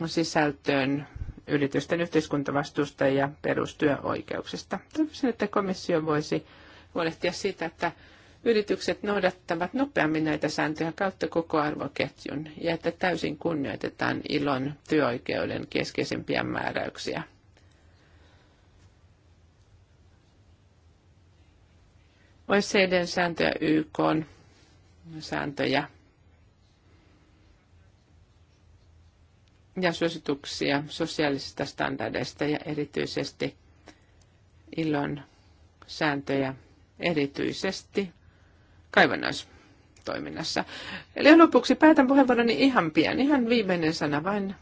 S2: sisältöön yritysten yhteiskuntavastuusta ja perustyöoikeuksista. Toivoisin, että komissio voisi huolehtia siitä, että yritykset noudattavat nopeammin näitä sääntöjä kautta koko arvoketjun ja että täysin kunnioitetaan ilon työoikeuden keskeisimpiä määräyksiä – OECDn sääntöjä, YK sääntöjä ja suosituksia sosiaalisista standardeista ja erityisesti ilon sääntöjä erityisesti kaivannaistoiminnassa. Eli lopuksi päätän puheenvuoroni ihan pian, ihan viimeinen sana vain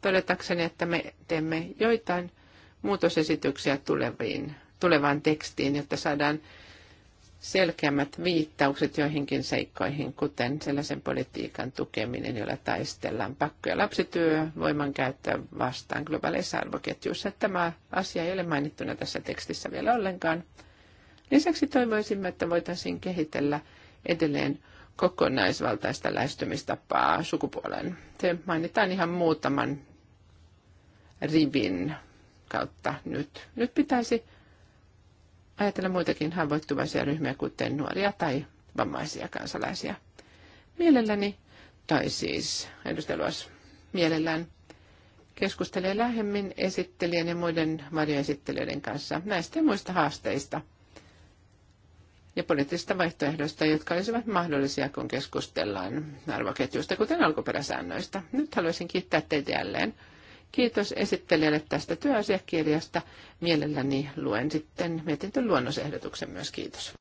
S2: todetakseni, että me teemme joitain muutosesityksiä tuleviin, tulevaan tekstiin, jotta saadaan selkeämmät viittaukset joihinkin seikkoihin, kuten sellaisen politiikan tukeminen, jolla taistellaan pakko- ja lapsityövoiman käyttöä vastaan globaaleissa arvoketjuissa. Tämä asia ei ole mainittuna tässä tekstissä vielä ollenkaan. Lisäksi toivoisimme, että voitaisiin kehitellä edelleen kokonaisvaltaista lähestymistapaa sukupuoleen. Se mainitaan ihan muutaman rivin kautta nyt. Nyt pitäisi ajatella muitakin haavoittuvaisia ryhmiä, kuten nuoria tai vammaisia kansalaisia. Mielelläni, tai siis edustaja mielellään keskustelee lähemmin esittelijän ja muiden varjoesittelijöiden kanssa näistä ja muista haasteista ja poliittisista vaihtoehdoista, jotka olisivat mahdollisia, kun keskustellaan arvoketjuista, kuten alkuperäsäännöistä. Nyt haluaisin kiittää teitä jälleen Kiitos esittelijälle tästä työasiakirjasta. Mielelläni luen sitten mietintön luonnosehdotuksen myös. Kiitos.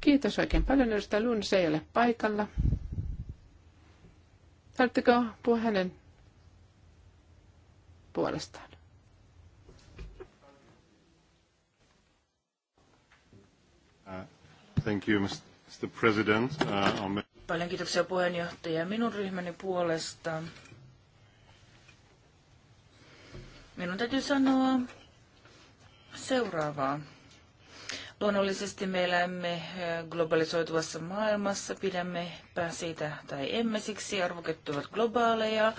S2: Kiitos oikein paljon. Edustaja Lund, se ei ole paikalla. Haluatteko puhua hänen puolestaan? Uh, thank you, Mr. President. Uh, on...
S1: Paljon kiitoksia puheenjohtaja. Minun ryhmäni puolesta Minun täytyy sanoa seuraavaa. Luonnollisesti me elämme globalisoituvassa maailmassa, pidämme pääsiitä tai emme siksi. arvoket ovat globaaleja,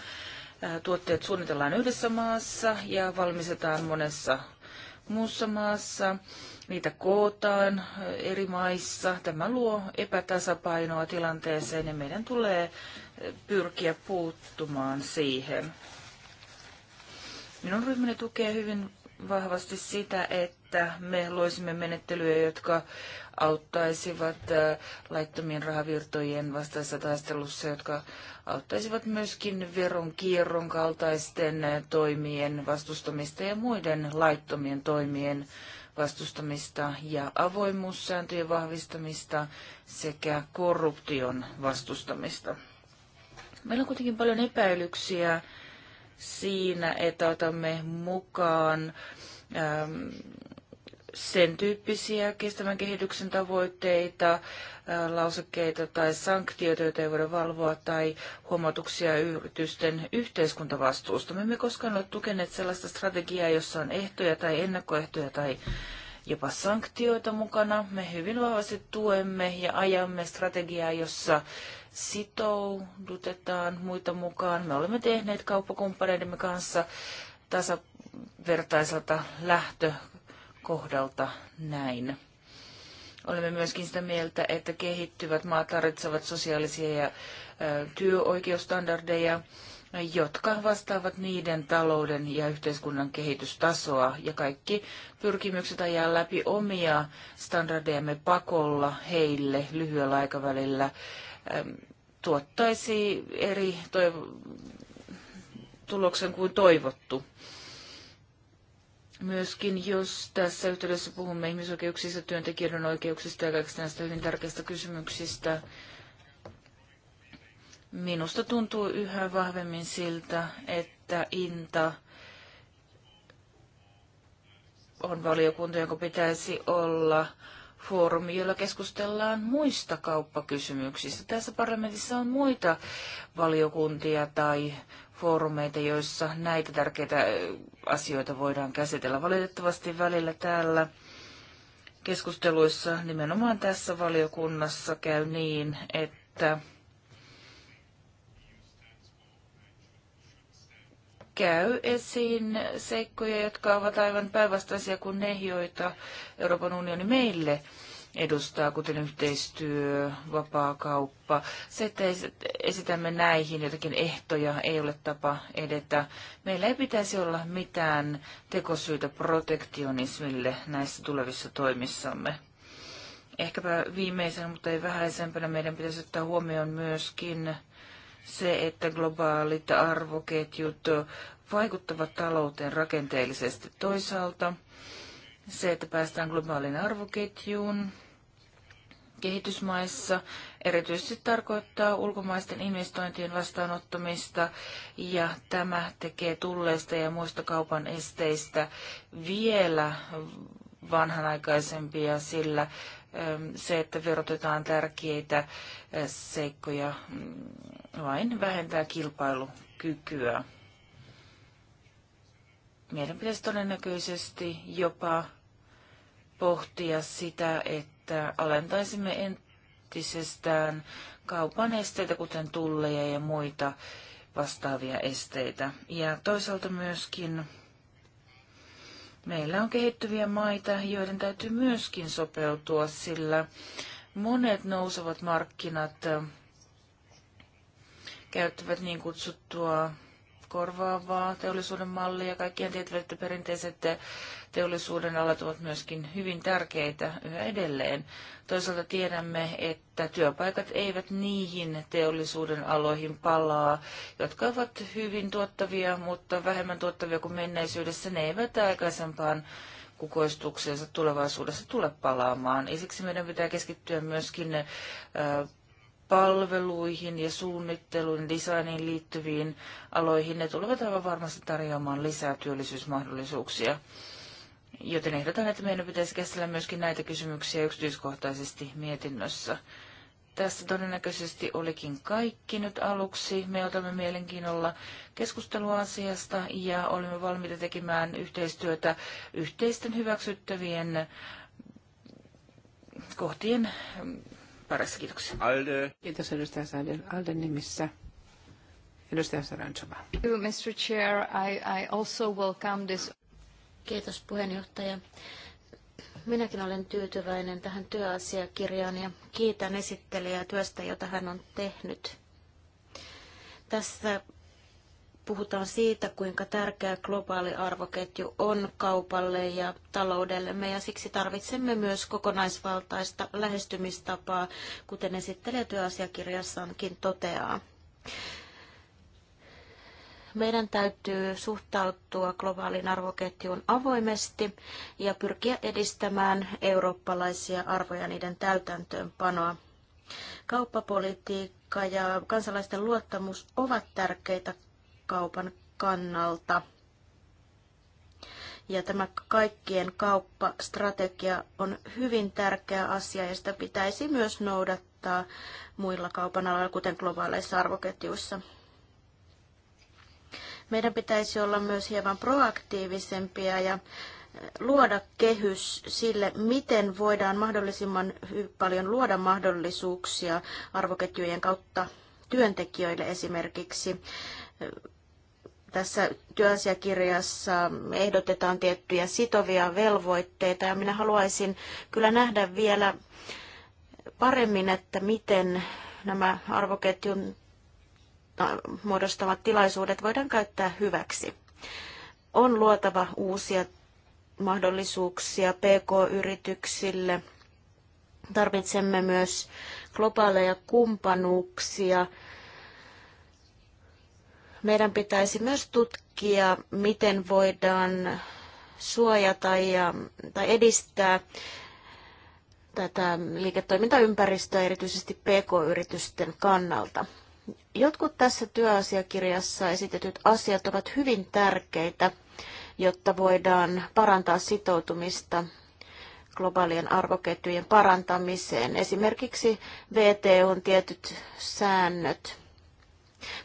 S1: tuotteet suunnitellaan yhdessä maassa ja valmistetaan monessa muussa maassa. Niitä kootaan eri maissa. Tämä luo epätasapainoa tilanteeseen ja meidän tulee pyrkiä puuttumaan siihen. Minun ryhmäni tukee hyvin vahvasti sitä, että me loisimme menettelyjä, jotka auttaisivat äh, laittomien rahavirtojen vastaisessa taistelussa, jotka auttaisivat myöskin veronkierron kaltaisten äh, toimien vastustamista ja muiden laittomien toimien vastustamista ja avoimuussääntöjen vahvistamista sekä korruption vastustamista. Meillä on kuitenkin paljon epäilyksiä siinä, että otamme mukaan äm, sen tyyppisiä kestävän kehityksen tavoitteita, äh, lausekkeita tai sanktioita, joita ei voida valvoa, tai huomautuksia yritysten yhteiskuntavastuusta. Me emme koskaan ole tukeneet sellaista strategiaa, jossa on ehtoja tai ennakkoehtoja tai jopa sanktioita mukana. Me hyvin vahvasti tuemme ja ajamme strategiaa, jossa sitoudutetaan muita mukaan. Me olemme tehneet kauppakumppaneidemme kanssa tasavertaiselta lähtökohdalta näin. Olemme myöskin sitä mieltä, että kehittyvät maat tarvitsevat sosiaalisia ja työoikeusstandardeja jotka vastaavat niiden talouden ja yhteiskunnan kehitystasoa, ja kaikki pyrkimykset ajaa läpi omia standardejamme pakolla heille lyhyellä aikavälillä ähm, tuottaisi eri toiv- tuloksen kuin toivottu. Myöskin jos tässä yhteydessä puhumme ihmisoikeuksista, työntekijöiden oikeuksista ja kaikista näistä hyvin tärkeistä kysymyksistä, Minusta tuntuu yhä vahvemmin siltä, että Inta on valiokunta, jonka pitäisi olla foorumi, jolla keskustellaan muista kauppakysymyksistä. Tässä parlamentissa on muita valiokuntia tai foorumeita, joissa näitä tärkeitä asioita voidaan käsitellä. Valitettavasti välillä täällä keskusteluissa nimenomaan tässä valiokunnassa käy niin, että käy esiin seikkoja, jotka ovat aivan päinvastaisia kuin ne, joita Euroopan unioni meille edustaa, kuten yhteistyö, vapaa kauppa. Se, että esitämme näihin jotakin ehtoja, ei ole tapa edetä. Meillä ei pitäisi olla mitään tekosyitä protektionismille näissä tulevissa toimissamme. Ehkäpä viimeisen, mutta ei vähäisempänä meidän pitäisi ottaa huomioon myöskin se, että globaalit arvoketjut vaikuttavat talouteen rakenteellisesti toisaalta, se, että päästään globaaliin arvoketjuun kehitysmaissa, erityisesti tarkoittaa ulkomaisten investointien vastaanottamista, ja tämä tekee tulleista ja muista kaupan esteistä vielä vanhanaikaisempia, sillä se, että verotetaan tärkeitä seikkoja, mm, vain vähentää kilpailukykyä. Meidän pitäisi todennäköisesti jopa pohtia sitä, että alentaisimme entisestään kaupan esteitä, kuten tulleja ja muita vastaavia esteitä. Ja toisaalta myöskin meillä on kehittyviä maita, joiden täytyy myöskin sopeutua, sillä monet nousevat markkinat äh, käyttävät niin kutsuttua korvaavaa teollisuuden mallia. Kaikkien tietävät, että perinteiset teollisuuden alat ovat myöskin hyvin tärkeitä yhä edelleen. Toisaalta tiedämme, että työpaikat eivät niihin teollisuuden aloihin palaa, jotka ovat hyvin tuottavia, mutta vähemmän tuottavia kuin menneisyydessä. Ne eivät aikaisempaan kukoistukseensa tulevaisuudessa tule palaamaan. Ja siksi meidän pitää keskittyä myöskin palveluihin ja suunnittelun designiin liittyviin aloihin. Ne tulevat aivan varmasti tarjoamaan lisää työllisyysmahdollisuuksia. Joten ehdotan, että meidän pitäisi käsitellä myöskin näitä kysymyksiä yksityiskohtaisesti mietinnössä. Tässä todennäköisesti olikin kaikki nyt aluksi. Me otamme mielenkiinnolla keskustelua asiasta ja olemme valmiita tekemään yhteistyötä yhteisten hyväksyttävien kohtien
S2: Kiitoksia. Alde. Kiitos edustaja Saiden Alden nimissä. Edustaja Sarantsova.
S1: Mr. Chair, I, I also welcome this.
S3: Kiitos puheenjohtaja. Minäkin olen tyytyväinen tähän työasiakirjaan ja kiitän esittelijää työstä, jota hän on tehnyt. Tässä puhutaan siitä, kuinka tärkeä globaali arvoketju on kaupalle ja taloudellemme, ja siksi tarvitsemme myös kokonaisvaltaista lähestymistapaa, kuten esittelijä työasiakirjassaankin toteaa. Meidän täytyy suhtautua globaaliin arvoketjuun avoimesti ja pyrkiä edistämään eurooppalaisia arvoja niiden täytäntöönpanoa. Kauppapolitiikka ja kansalaisten luottamus ovat tärkeitä kaupan kannalta. Ja tämä kaikkien kauppastrategia on hyvin tärkeä asia ja sitä pitäisi myös noudattaa muilla kaupan aloilla, kuten globaaleissa arvoketjuissa. Meidän pitäisi olla myös hieman proaktiivisempia ja luoda kehys sille, miten voidaan mahdollisimman paljon luoda mahdollisuuksia arvoketjujen kautta työntekijöille esimerkiksi tässä työasiakirjassa ehdotetaan tiettyjä sitovia velvoitteita ja minä haluaisin kyllä nähdä vielä paremmin, että miten nämä arvoketjun äh, muodostavat tilaisuudet voidaan käyttää hyväksi. On luotava uusia mahdollisuuksia PK-yrityksille. Tarvitsemme myös globaaleja kumppanuuksia meidän pitäisi myös tutkia, miten voidaan suojata ja, tai edistää tätä liiketoimintaympäristöä erityisesti pk-yritysten kannalta. Jotkut tässä työasiakirjassa esitetyt asiat ovat hyvin tärkeitä, jotta voidaan parantaa sitoutumista globaalien arvoketjujen parantamiseen. Esimerkiksi VT on tietyt säännöt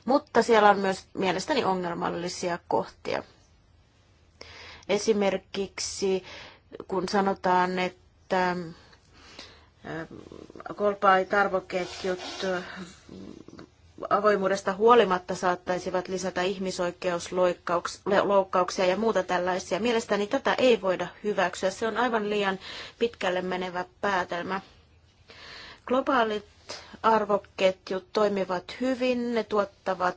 S3: mutta siellä on myös mielestäni ongelmallisia kohtia. Esimerkiksi kun sanotaan, että ähm, tarvoketjut äh, avoimuudesta huolimatta saattaisivat lisätä ihmisoikeusloukkauksia ja muuta tällaisia. Mielestäni tätä ei voida hyväksyä. Se on aivan liian pitkälle menevä päätelmä. Globaalit arvoketjut toimivat hyvin, ne tuottavat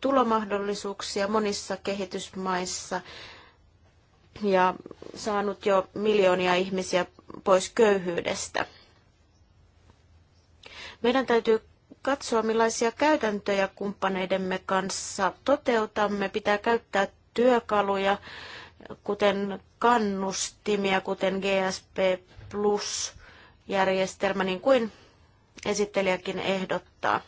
S3: tulomahdollisuuksia monissa kehitysmaissa ja saanut jo miljoonia ihmisiä pois köyhyydestä. Meidän täytyy katsoa, millaisia käytäntöjä kumppaneidemme kanssa toteutamme. Pitää käyttää työkaluja, kuten kannustimia, kuten GSP Plus järjestelmä, niin kuin esittelijäkin ehdottaa.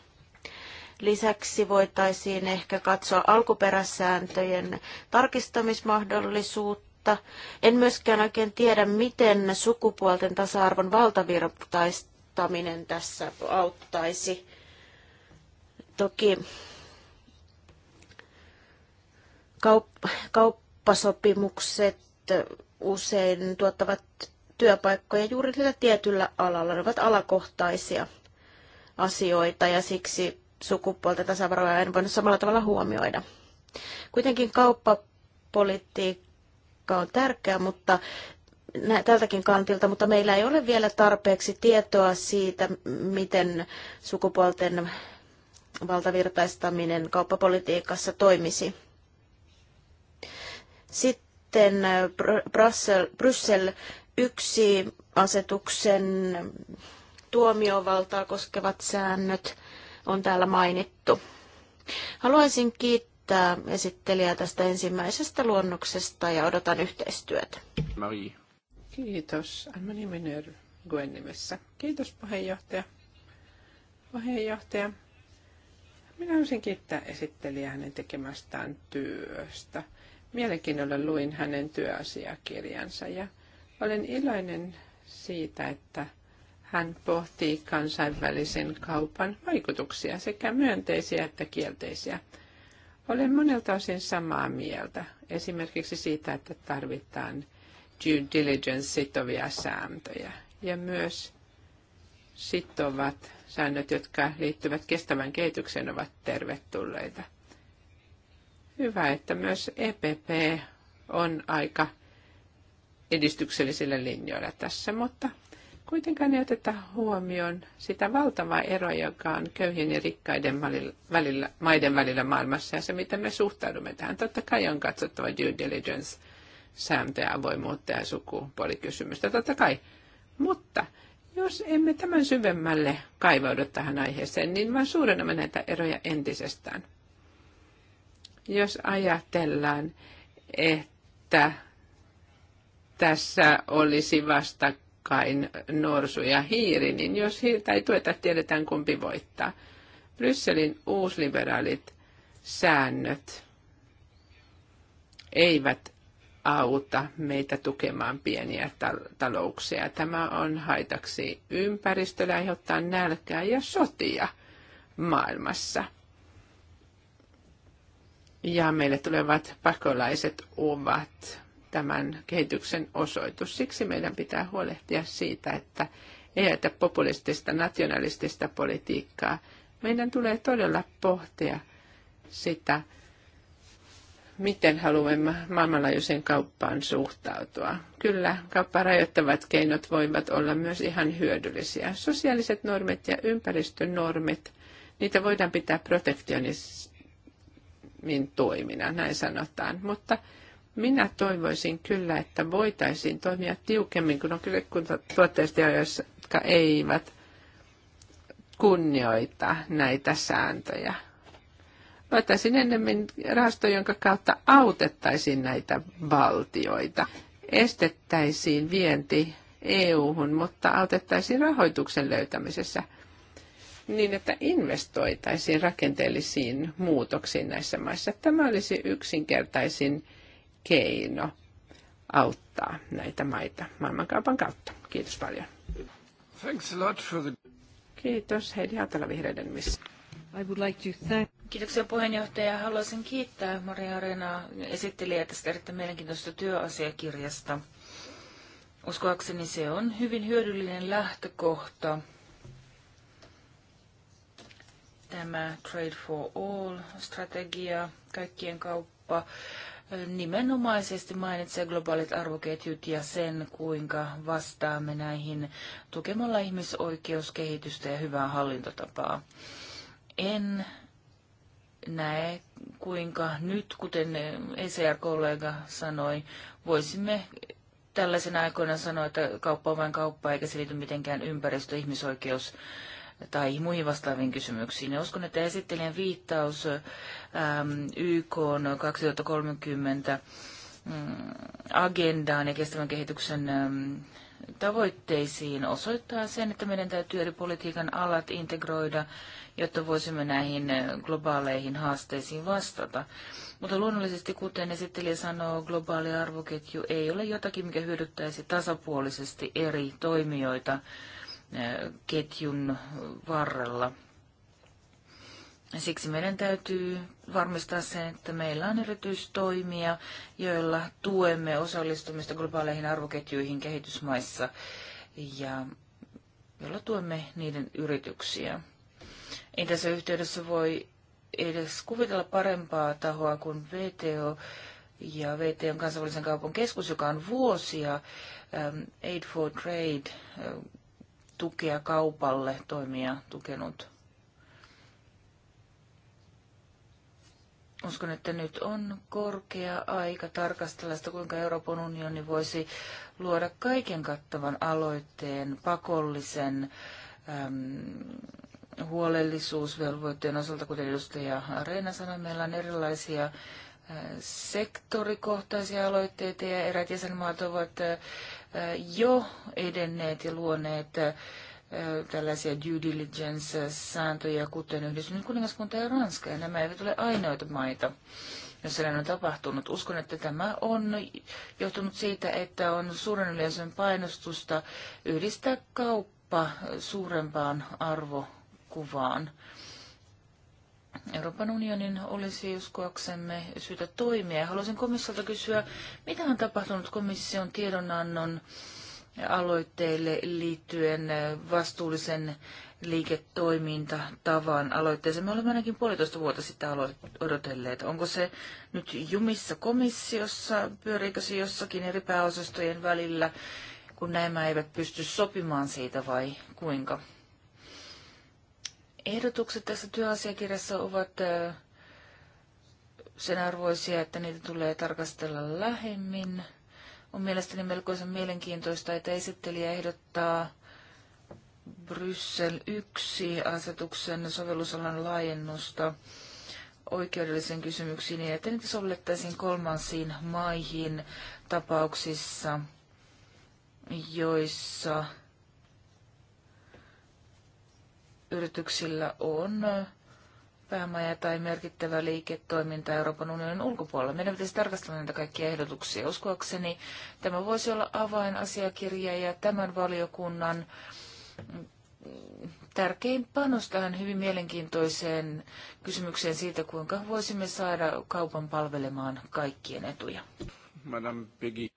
S3: Lisäksi voitaisiin ehkä katsoa alkuperäsääntöjen tarkistamismahdollisuutta. En myöskään oikein tiedä, miten sukupuolten tasa-arvon valtavirtaistaminen tässä auttaisi. Toki kauppasopimukset usein tuottavat työpaikkoja juuri sillä tietyllä alalla. Ne ovat alakohtaisia asioita ja siksi sukupuolten tasavaroja en voinut samalla tavalla huomioida. Kuitenkin kauppapolitiikka on tärkeä, mutta tältäkin kantilta, mutta meillä ei ole vielä tarpeeksi tietoa siitä, miten sukupuolten valtavirtaistaminen kauppapolitiikassa toimisi. Sitten äh, Brussel, yksi asetuksen tuomiovaltaa koskevat säännöt on täällä mainittu. Haluaisin kiittää esittelijää tästä ensimmäisestä luonnoksesta ja odotan
S2: yhteistyötä. Marie. Kiitos. Anna Mener Gwen Kiitos puheenjohtaja. Puheenjohtaja. Minä haluaisin kiittää esittelijää hänen tekemästään työstä. Mielenkiinnolla luin hänen työasiakirjansa ja olen iloinen siitä, että hän pohtii kansainvälisen kaupan vaikutuksia, sekä myönteisiä että kielteisiä. Olen monelta osin samaa mieltä, esimerkiksi siitä, että tarvitaan due diligence sitovia sääntöjä ja myös sitovat säännöt, jotka liittyvät kestävän kehitykseen, ovat tervetulleita. Hyvä, että myös EPP on aika edistyksellisillä linjoilla tässä, mutta kuitenkaan ei oteta huomioon sitä valtavaa eroa, joka on köyhien ja rikkaiden välillä, maiden välillä maailmassa ja se, miten me suhtaudumme tähän. Totta kai on katsottava due diligence sääntöjä, avoimuutta ja sukupuolikysymystä, totta kai. Mutta jos emme tämän syvemmälle kaivaudu tähän aiheeseen, niin vaan suurennamme näitä eroja entisestään. Jos ajatellaan, että tässä olisi vastakkain norsu ja hiiri, niin jos hiirtä ei tueta, tiedetään kumpi voittaa. Brysselin uusliberaalit säännöt eivät auta meitä tukemaan pieniä talouksia. Tämä on haitaksi ympäristölle, aiheuttaa nälkää ja sotia maailmassa. Ja meille tulevat pakolaiset ovat tämän kehityksen osoitus. Siksi meidän pitää huolehtia siitä, että ei jätä populistista, nationalistista politiikkaa. Meidän tulee todella pohtia sitä, miten haluamme maailmanlaajuiseen kauppaan suhtautua. Kyllä, kauppaa rajoittavat keinot voivat olla myös ihan hyödyllisiä. Sosiaaliset normit ja ympäristönormit, niitä voidaan pitää protektionismin toimina, näin sanotaan, mutta minä toivoisin kyllä, että voitaisiin toimia tiukemmin, kun on kyllä tuotteista, jotka eivät kunnioita näitä sääntöjä. Voitaisiin ennemmin rahasto, jonka kautta autettaisiin näitä valtioita. Estettäisiin vienti EU-hun, mutta autettaisiin rahoituksen löytämisessä niin, että investoitaisiin rakenteellisiin muutoksiin näissä maissa. Tämä olisi yksinkertaisin keino auttaa näitä maita maailmankaupan kautta. Kiitos paljon. Thanks a lot for the... Kiitos Heidi Hatala vihreiden missä. I would like to thank... Kiitoksia
S1: puheenjohtaja. Haluaisin kiittää Maria Arenaa esittelijä tästä erittäin mielenkiintoisesta työasiakirjasta. Uskoakseni se on hyvin hyödyllinen lähtökohta. Tämä Trade for All-strategia, kaikkien kauppa, nimenomaisesti mainitsee globaalit arvoketjut ja sen, kuinka vastaamme näihin tukemalla ihmisoikeuskehitystä ja hyvää hallintotapaa. En näe, kuinka nyt, kuten ECR-kollega sanoi, voisimme tällaisen aikoina sanoa, että kauppa on vain kauppa eikä se liity mitenkään ympäristö- ihmisoikeus tai muihin vastaaviin kysymyksiin. Ja uskon, että esittelijän viittaus äm, YK 2030 agendaan ja kestävän kehityksen ähm, tavoitteisiin osoittaa sen, että meidän täytyy eri politiikan alat integroida, jotta voisimme näihin äh, globaaleihin haasteisiin vastata. Mutta luonnollisesti, kuten esittelijä sanoo, globaali arvoketju ei ole jotakin, mikä hyödyttäisi tasapuolisesti eri toimijoita ketjun varrella. Siksi meidän täytyy varmistaa se, että meillä on erityistoimia, joilla tuemme osallistumista globaaleihin arvoketjuihin kehitysmaissa ja joilla tuemme niiden yrityksiä. Ei tässä yhteydessä voi edes kuvitella parempaa tahoa kuin VTO ja VTOn kansainvälisen kaupan keskus, joka on vuosia Aid for Trade tukea kaupalle toimia tukenut. Uskon, että nyt on korkea aika tarkastella sitä, kuinka Euroopan unioni voisi luoda kaiken kattavan aloitteen pakollisen äm, huolellisuusvelvoitteen osalta, kuten edustaja Areena sanoi, meillä on erilaisia sektorikohtaisia aloitteita ja erät jäsenmaat ovat jo edenneet ja luoneet tällaisia due diligence-sääntöjä, kuten Yhdistynyt kuningaskunta ja Ranska, ja nämä eivät ole ainoita maita, joissa näin on tapahtunut. Uskon, että tämä on johtunut siitä, että on suuren yleisön painostusta yhdistää kauppa suurempaan arvokuvaan. Euroopan unionin olisi uskoaksemme syytä toimia. Haluaisin komissiolta kysyä, mitä on tapahtunut komission tiedonannon aloitteille liittyen vastuullisen liiketoimintatavan aloitteeseen. Me olemme ainakin puolitoista vuotta sitten odotelleet. Onko se nyt jumissa komissiossa, pyöriikö se jossakin eri pääosastojen välillä, kun nämä eivät pysty sopimaan siitä vai kuinka? ehdotukset tässä työasiakirjassa ovat sen arvoisia, että niitä tulee tarkastella lähemmin. On mielestäni melkoisen mielenkiintoista, että esittelijä ehdottaa Bryssel 1-asetuksen sovellusalan laajennusta oikeudellisiin kysymyksiin niin, että niitä sovellettaisiin kolmansiin maihin tapauksissa, joissa yrityksillä on päämaja tai merkittävä liiketoiminta Euroopan unionin ulkopuolella. Meidän pitäisi tarkastella näitä kaikkia ehdotuksia. Uskoakseni tämä voisi olla avainasiakirja ja tämän valiokunnan tärkein panos tähän hyvin mielenkiintoiseen kysymykseen siitä, kuinka voisimme saada kaupan palvelemaan kaikkien etuja.
S2: Madame Peggy.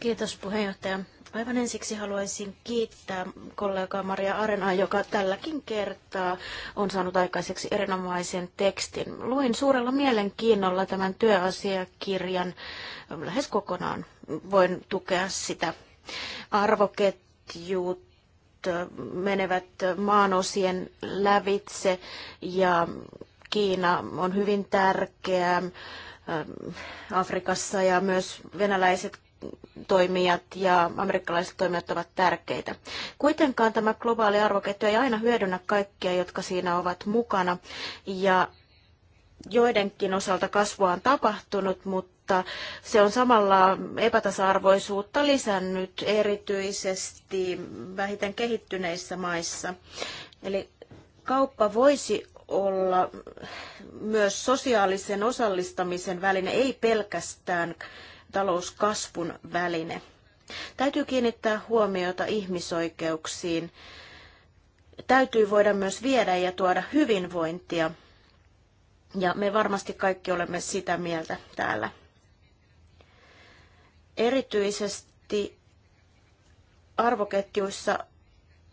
S1: Kiitos
S3: puheenjohtaja. Aivan ensiksi haluaisin kiittää kollegaa Maria Arenaa, joka tälläkin kertaa on saanut aikaiseksi erinomaisen tekstin. Luin suurella mielenkiinnolla tämän työasiakirjan lähes kokonaan. Voin tukea sitä. Arvoketjut menevät maanosien lävitse ja Kiina on hyvin tärkeä. Ähm, Afrikassa ja myös venäläiset toimijat ja amerikkalaiset toimijat ovat tärkeitä. Kuitenkaan tämä globaali arvoketju ei aina hyödynnä kaikkia, jotka siinä ovat mukana. Ja joidenkin osalta kasvua on tapahtunut, mutta se on samalla epätasa-arvoisuutta lisännyt erityisesti vähiten kehittyneissä maissa. Eli kauppa voisi olla myös sosiaalisen osallistamisen väline, ei pelkästään talouskasvun väline. Täytyy kiinnittää huomiota ihmisoikeuksiin. Täytyy voida myös viedä ja tuoda hyvinvointia. Ja me varmasti kaikki olemme sitä mieltä täällä. Erityisesti arvoketjuissa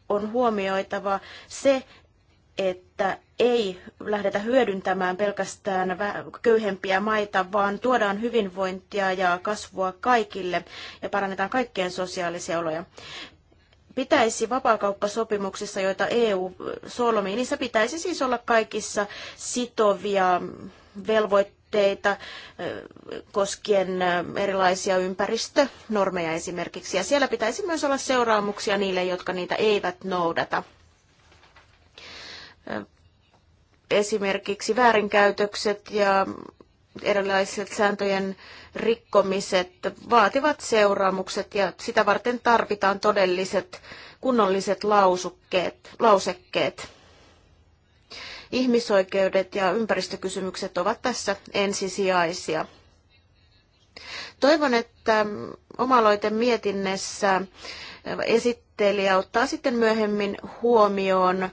S3: on huomioitava se, että ei lähdetä hyödyntämään pelkästään köyhempiä maita, vaan tuodaan hyvinvointia ja kasvua kaikille ja parannetaan kaikkien sosiaalisia oloja. Pitäisi vapaakauppasopimuksissa, joita EU solmii, niissä pitäisi siis olla kaikissa sitovia velvoitteita koskien erilaisia ympäristönormeja esimerkiksi. Ja siellä pitäisi myös olla seuraamuksia niille, jotka niitä eivät noudata esimerkiksi väärinkäytökset ja erilaiset sääntöjen rikkomiset vaativat seuraamukset ja sitä varten tarvitaan todelliset kunnolliset lausukkeet, lausekkeet. Ihmisoikeudet ja ympäristökysymykset ovat tässä ensisijaisia. Toivon, että omaloite mietinnessä esittelijä ottaa sitten myöhemmin huomioon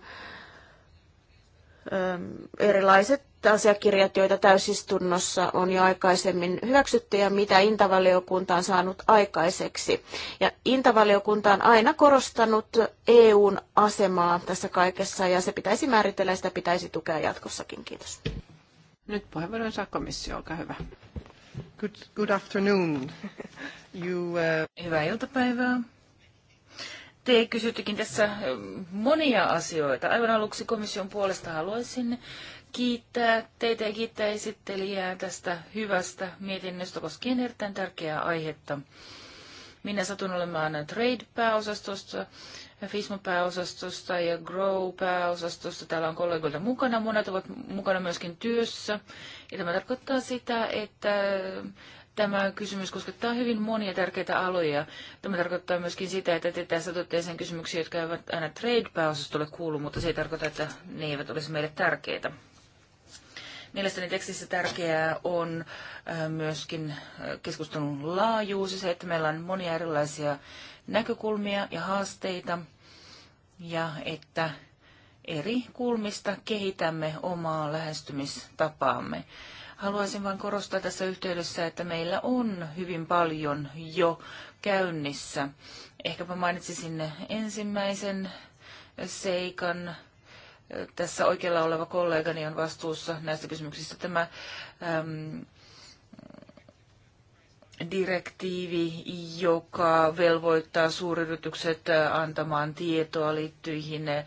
S3: erilaiset asiakirjat, joita täysistunnossa on jo aikaisemmin hyväksytty ja mitä Intavaliokunta on saanut aikaiseksi. Ja Intavaliokunta on aina korostanut EUn asemaa tässä kaikessa ja se pitäisi määritellä ja sitä pitäisi tukea jatkossakin. Kiitos.
S2: Nyt puheenvuoron saa komissio, olkaa hyvä. Good, good afternoon. You, uh... Hyvää
S1: iltapäivää. Te kysyttekin tässä monia asioita. Aivan aluksi komission puolesta haluaisin kiittää teitä ja kiittää esittelijää tästä hyvästä mietinnöstä koskien erittäin tärkeää aihetta. Minä satun olemaan Trade-pääosastosta, FISMA-pääosastosta ja Grow-pääosastosta. Täällä on kollegoilta mukana. Monet ovat mukana myöskin työssä. Ja tämä tarkoittaa sitä, että Tämä kysymys koskettaa hyvin monia tärkeitä aloja. Tämä tarkoittaa myöskin sitä, että te tässä otatte sen kysymyksiä, jotka eivät aina trade-pääosastolle kuulu, mutta se ei tarkoita, että ne eivät olisi meille tärkeitä. Mielestäni tekstissä tärkeää on myöskin keskustelun laajuus ja se, että meillä on monia erilaisia näkökulmia ja haasteita ja että eri kulmista kehitämme omaa lähestymistapaamme. Haluaisin vain korostaa tässä yhteydessä, että meillä on hyvin paljon jo käynnissä. Ehkäpä mainitsisin ensimmäisen seikan. Tässä oikealla oleva kollegani on vastuussa näistä kysymyksistä. Tämä direktiivi, joka velvoittaa suuryritykset äh, antamaan tietoa liittyihin äh,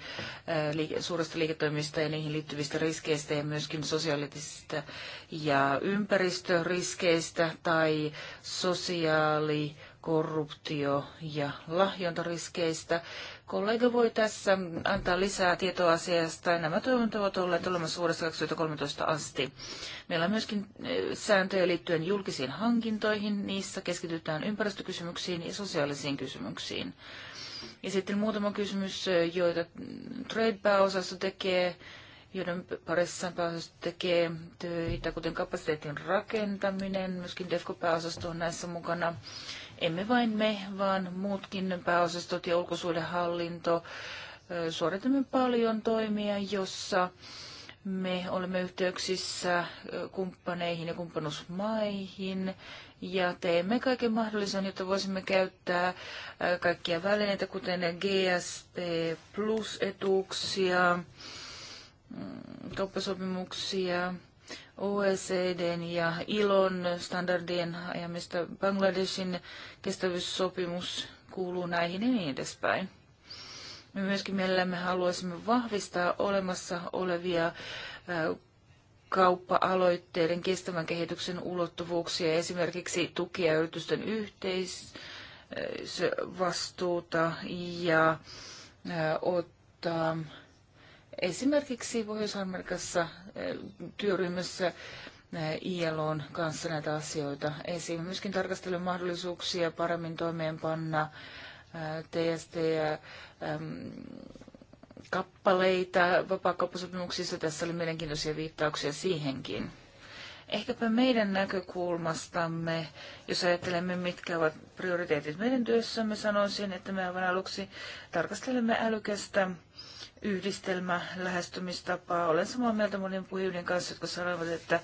S1: suurista liiketoimista ja niihin liittyvistä riskeistä ja myöskin sosiaalisista ja ympäristöriskeistä tai sosiaali, korruptio- ja lahjontariskeistä kollega voi tässä antaa lisää tietoa asiasta. Nämä toimintat ovat olleet olemassa vuodesta 2013 asti. Meillä on myöskin eh, sääntöjä liittyen julkisiin hankintoihin. Niissä keskitytään ympäristökysymyksiin ja sosiaalisiin kysymyksiin. Ja sitten muutama kysymys, eh, joita Trade-pääosasto tekee, joiden parissa pääosasto tekee töitä, kuten kapasiteetin rakentaminen, myöskin DEFCO-pääosasto on näissä mukana emme vain me, vaan muutkin pääosastot ja ulkosuhdehallinto suoritamme paljon toimia, jossa me olemme yhteyksissä kumppaneihin ja kumppanuusmaihin ja teemme kaiken mahdollisen, jotta voisimme käyttää kaikkia välineitä, kuten GSP plus etuuksia, mm, kauppasopimuksia, OECDn ja ILON standardien ajamista. Bangladeshin kestävyyssopimus kuuluu näihin ja niin edespäin. Me myöskin mielellämme haluaisimme vahvistaa olemassa olevia kauppa-aloitteiden kestävän kehityksen ulottuvuuksia, esimerkiksi tukia yritysten yhteisvastuuta ja ottaa Esimerkiksi Pohjois-Amerikassa eh, työryhmässä eh, ILOn kanssa näitä asioita esiin. Myöskin tarkastelun mahdollisuuksia paremmin toimeenpanna TST eh, ja ehm, kappaleita vapaakauppasopimuksissa. Tässä oli mielenkiintoisia viittauksia siihenkin. Ehkäpä meidän näkökulmastamme, jos ajattelemme, mitkä ovat prioriteetit meidän työssämme, sanoisin, että me aivan aluksi tarkastelemme älykästä yhdistelmä lähestymistapaa. Olen samaa mieltä monien puhujien kanssa, jotka sanovat, että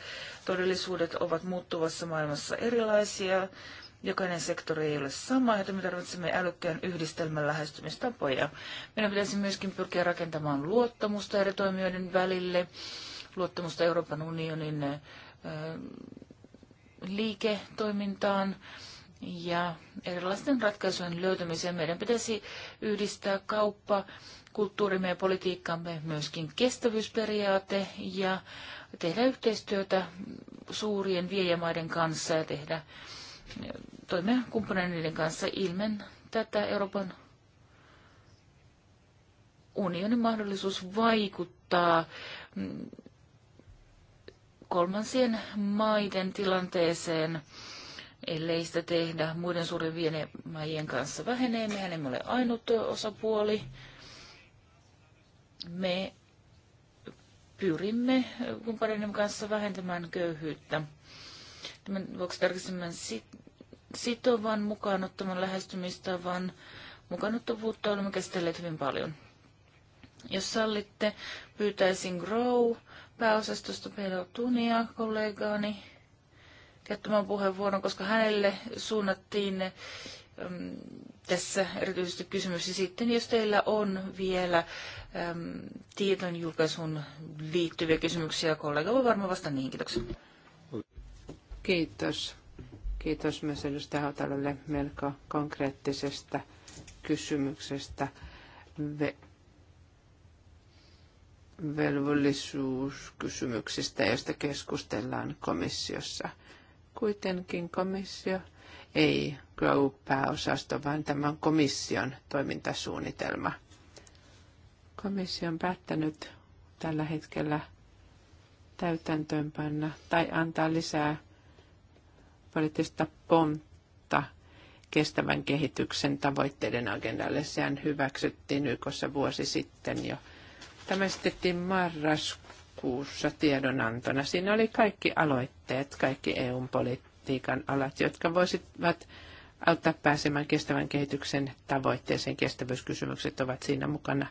S1: todellisuudet ovat muuttuvassa maailmassa erilaisia. Jokainen sektori ei ole sama, joten me tarvitsemme älykkään yhdistelmän lähestymistapoja. Meidän pitäisi myöskin pyrkiä rakentamaan luottamusta eri toimijoiden välille, luottamusta Euroopan unionin liiketoimintaan ja erilaisten ratkaisujen löytämiseen. Meidän pitäisi yhdistää kauppa, kulttuurimme ja politiikkamme myöskin kestävyysperiaate ja tehdä yhteistyötä suurien viejämaiden kanssa ja tehdä toimia kumppaneiden kanssa ilmen tätä Euroopan unionin mahdollisuus vaikuttaa mm, kolmansien maiden tilanteeseen, ellei sitä tehdä muiden suurien viejämaiden kanssa vähenee. Mehän emme ole ainut osapuoli me pyrimme kumppaneiden kanssa vähentämään köyhyyttä. Tämän vuoksi tarkistamme sitovan lähestymistä, lähestymistavan mukaanottavuutta olemme käsitelleet hyvin paljon. Jos sallitte, pyytäisin Grow pääosastosta Pedro Tunia kollegaani käyttämään puheenvuoron, koska hänelle suunnattiin äm, tässä erityisesti kysymys. Ja sitten jos teillä on vielä äm, tiedon julkaisun liittyviä kysymyksiä, kollega voi varmaan vastata niihin. Kiitoksia.
S2: Kiitos. Kiitos myös edustaja Hautalalle melko konkreettisesta kysymyksestä. Ve- velvollisuuskysymyksistä, joista keskustellaan komissiossa – Kuitenkin komissio ei Grow-pääosasto, vaan tämän komission toimintasuunnitelma. Komissio on päättänyt tällä hetkellä täytäntöönpanna tai antaa lisää poliittista pontta kestävän kehityksen tavoitteiden agendalle. Sehän hyväksyttiin YKssa vuosi sitten jo. Tämä esitettiin marraskuussa Kuussa tiedonantona. Siinä oli kaikki aloitteet, kaikki EUn politiikan alat, jotka voisivat auttaa pääsemään kestävän kehityksen tavoitteeseen. Kestävyyskysymykset ovat siinä mukana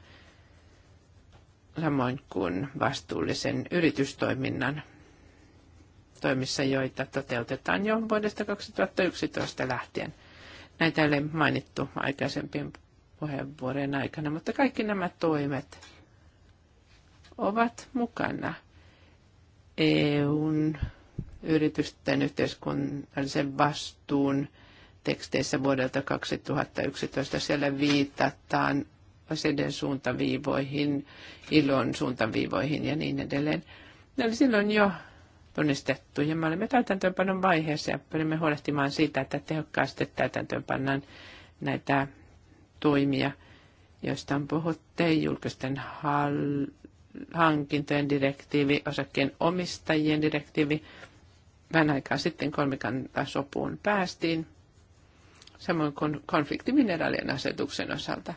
S2: samoin kuin vastuullisen yritystoiminnan toimissa, joita toteutetaan jo vuodesta 2011 lähtien. Näitä ei ole mainittu aikaisempien puheenvuorojen aikana, mutta kaikki nämä toimet ovat mukana EUn yritysten yhteiskunnallisen vastuun teksteissä vuodelta 2011. Siellä viitataan aseiden suuntaviivoihin, ilon suuntaviivoihin ja niin edelleen. Ne oli silloin jo tunnistettu ja me olemme täytäntöönpanon vaiheessa ja pyrimme huolehtimaan siitä, että tehokkaasti täytäntöönpannaan näitä toimia, joista on puhuttu julkisten hall- hankintojen direktiivi, osakkeen omistajien direktiivi. Vähän aikaa sitten kolmikantasopuun sopuun päästiin, samoin kuin konfliktimineraalien asetuksen osalta.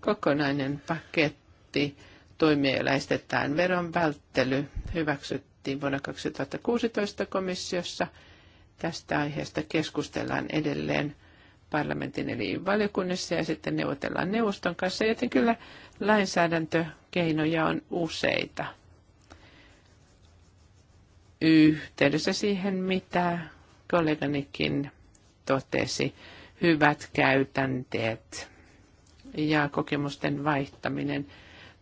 S2: Kokonainen paketti toimieläistetään veron välttely hyväksyttiin vuonna 2016 komissiossa. Tästä aiheesta keskustellaan edelleen parlamentin eli valiokunnissa ja sitten neuvotellaan neuvoston kanssa, joten kyllä lainsäädäntökeinoja on useita yhteydessä siihen, mitä kolleganikin totesi, hyvät käytänteet ja kokemusten vaihtaminen,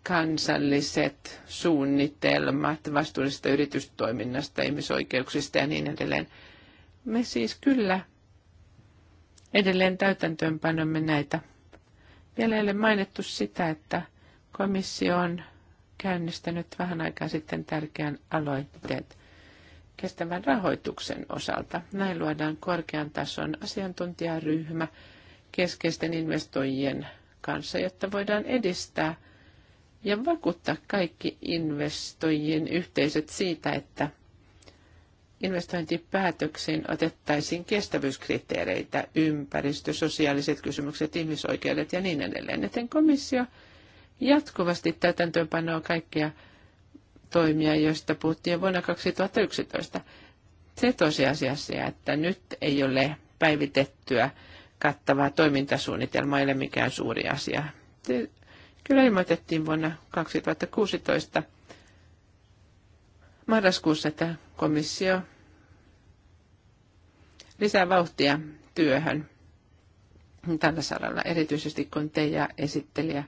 S2: kansalliset suunnitelmat vastuullisesta yritystoiminnasta, ihmisoikeuksista ja niin edelleen. Me siis kyllä edelleen täytäntöönpanomme näitä. Vielä ei ole mainittu sitä, että komissio on käynnistänyt vähän aikaa sitten tärkeän aloitteet kestävän rahoituksen osalta. Näin luodaan korkean tason asiantuntijaryhmä keskeisten investoijien kanssa, jotta voidaan edistää ja vakuuttaa kaikki investoijien yhteisöt siitä, että investointipäätöksiin otettaisiin kestävyyskriteereitä, ympäristö, sosiaaliset kysymykset, ihmisoikeudet ja niin edelleen. Joten komissio jatkuvasti täytäntöönpanoa kaikkia toimia, joista puhuttiin jo vuonna 2011. Se tosiasiassa, että nyt ei ole päivitettyä kattavaa toimintasuunnitelmaa, ei ole mikään suuri asia. Se kyllä ilmoitettiin vuonna 2016 marraskuussa, että komissio lisää vauhtia työhön tällä saralla, erityisesti kun te ja esittelijä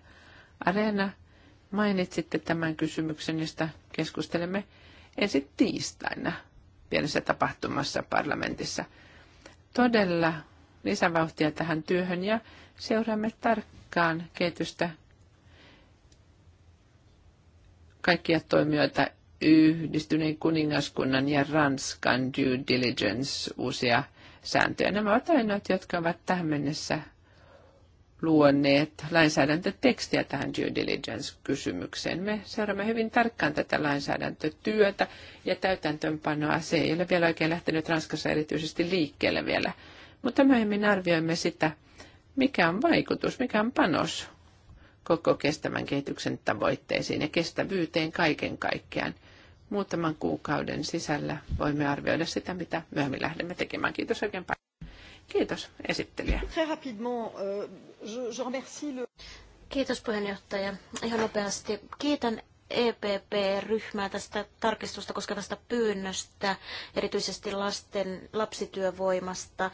S2: Areena mainitsitte tämän kysymyksen, josta keskustelemme ensi tiistaina pienessä tapahtumassa parlamentissa. Todella lisävauhtia tähän työhön ja seuraamme tarkkaan kehitystä kaikkia toimijoita yhdistyneen kuningaskunnan ja Ranskan due diligence uusia sääntöjä. Nämä ovat ainoat, jotka ovat tähän mennessä luonneet lainsäädäntötekstiä tähän due diligence-kysymykseen. Me seuraamme hyvin tarkkaan tätä lainsäädäntötyötä ja täytäntöönpanoa. Se ei ole vielä oikein lähtenyt Ranskassa erityisesti liikkeelle vielä. Mutta myöhemmin arvioimme sitä, mikä on vaikutus, mikä on panos koko kestävän kehityksen tavoitteisiin ja kestävyyteen kaiken kaikkiaan – muutaman kuukauden sisällä voimme arvioida sitä, mitä myöhemmin lähdemme tekemään. Kiitos oikein paljon. Kiitos esittelijä. Euh,
S3: Kiitos puheenjohtaja. Ihan nopeasti. Kiitän EPP-ryhmää tästä tarkistusta koskevasta pyynnöstä, erityisesti lasten lapsityövoimasta.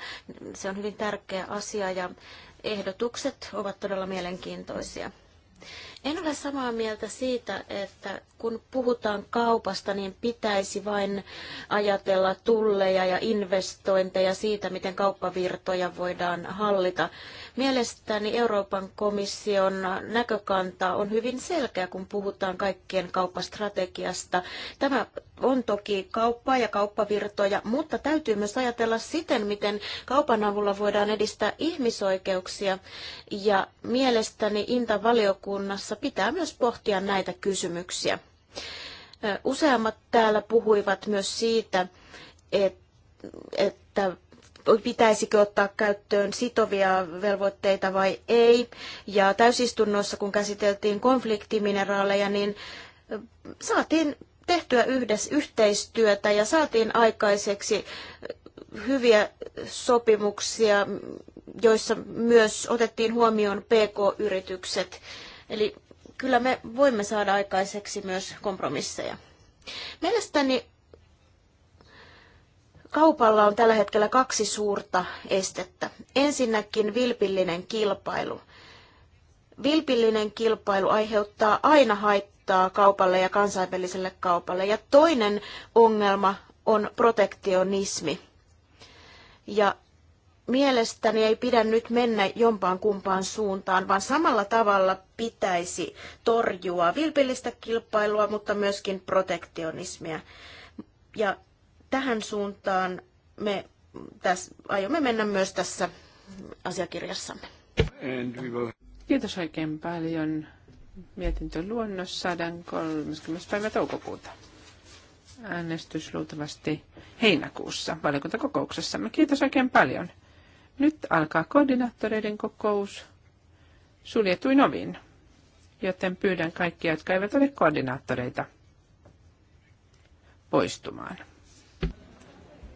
S3: Se on hyvin tärkeä asia ja ehdotukset ovat todella mielenkiintoisia. En ole samaa mieltä siitä, että kun puhutaan kaupasta, niin pitäisi vain ajatella tulleja ja investointeja siitä, miten kauppavirtoja voidaan hallita. Mielestäni Euroopan komission näkökanta on hyvin selkeä, kun puhutaan kaikkien kauppastrategiasta. Tämä on toki kauppaa ja kauppavirtoja, mutta täytyy myös ajatella siten, miten kaupan avulla voidaan edistää ihmisoikeuksia. Ja mielestäni Inta-valiokunnassa kanssa. Pitää myös pohtia näitä kysymyksiä. Useammat täällä puhuivat myös siitä, että pitäisikö ottaa käyttöön sitovia velvoitteita vai ei. Ja täysistunnossa, kun käsiteltiin konfliktimineraaleja, niin saatiin tehtyä yhdessä yhteistyötä ja saatiin aikaiseksi hyviä sopimuksia, joissa myös otettiin huomioon PK-yritykset Eli kyllä me voimme saada aikaiseksi myös kompromisseja. Mielestäni kaupalla on tällä hetkellä kaksi suurta estettä. Ensinnäkin vilpillinen kilpailu. Vilpillinen kilpailu aiheuttaa aina haittaa kaupalle ja kansainväliselle kaupalle. Ja toinen ongelma on protektionismi. Ja mielestäni ei pidä nyt mennä jompaan kumpaan suuntaan, vaan samalla tavalla pitäisi torjua vilpillistä kilpailua, mutta myöskin protektionismia. Ja tähän suuntaan
S2: me täs, aiomme mennä myös tässä asiakirjassamme. Kiitos oikein paljon. Mietintö luonnos saadaan 30. päivä toukokuuta. Äänestys luultavasti heinäkuussa valiokuntakokouksessamme. Kiitos oikein paljon. Nyt alkaa koordinaattoreiden kokous suljetuin ovin, joten pyydän kaikkia, jotka eivät ole koordinaattoreita, poistumaan.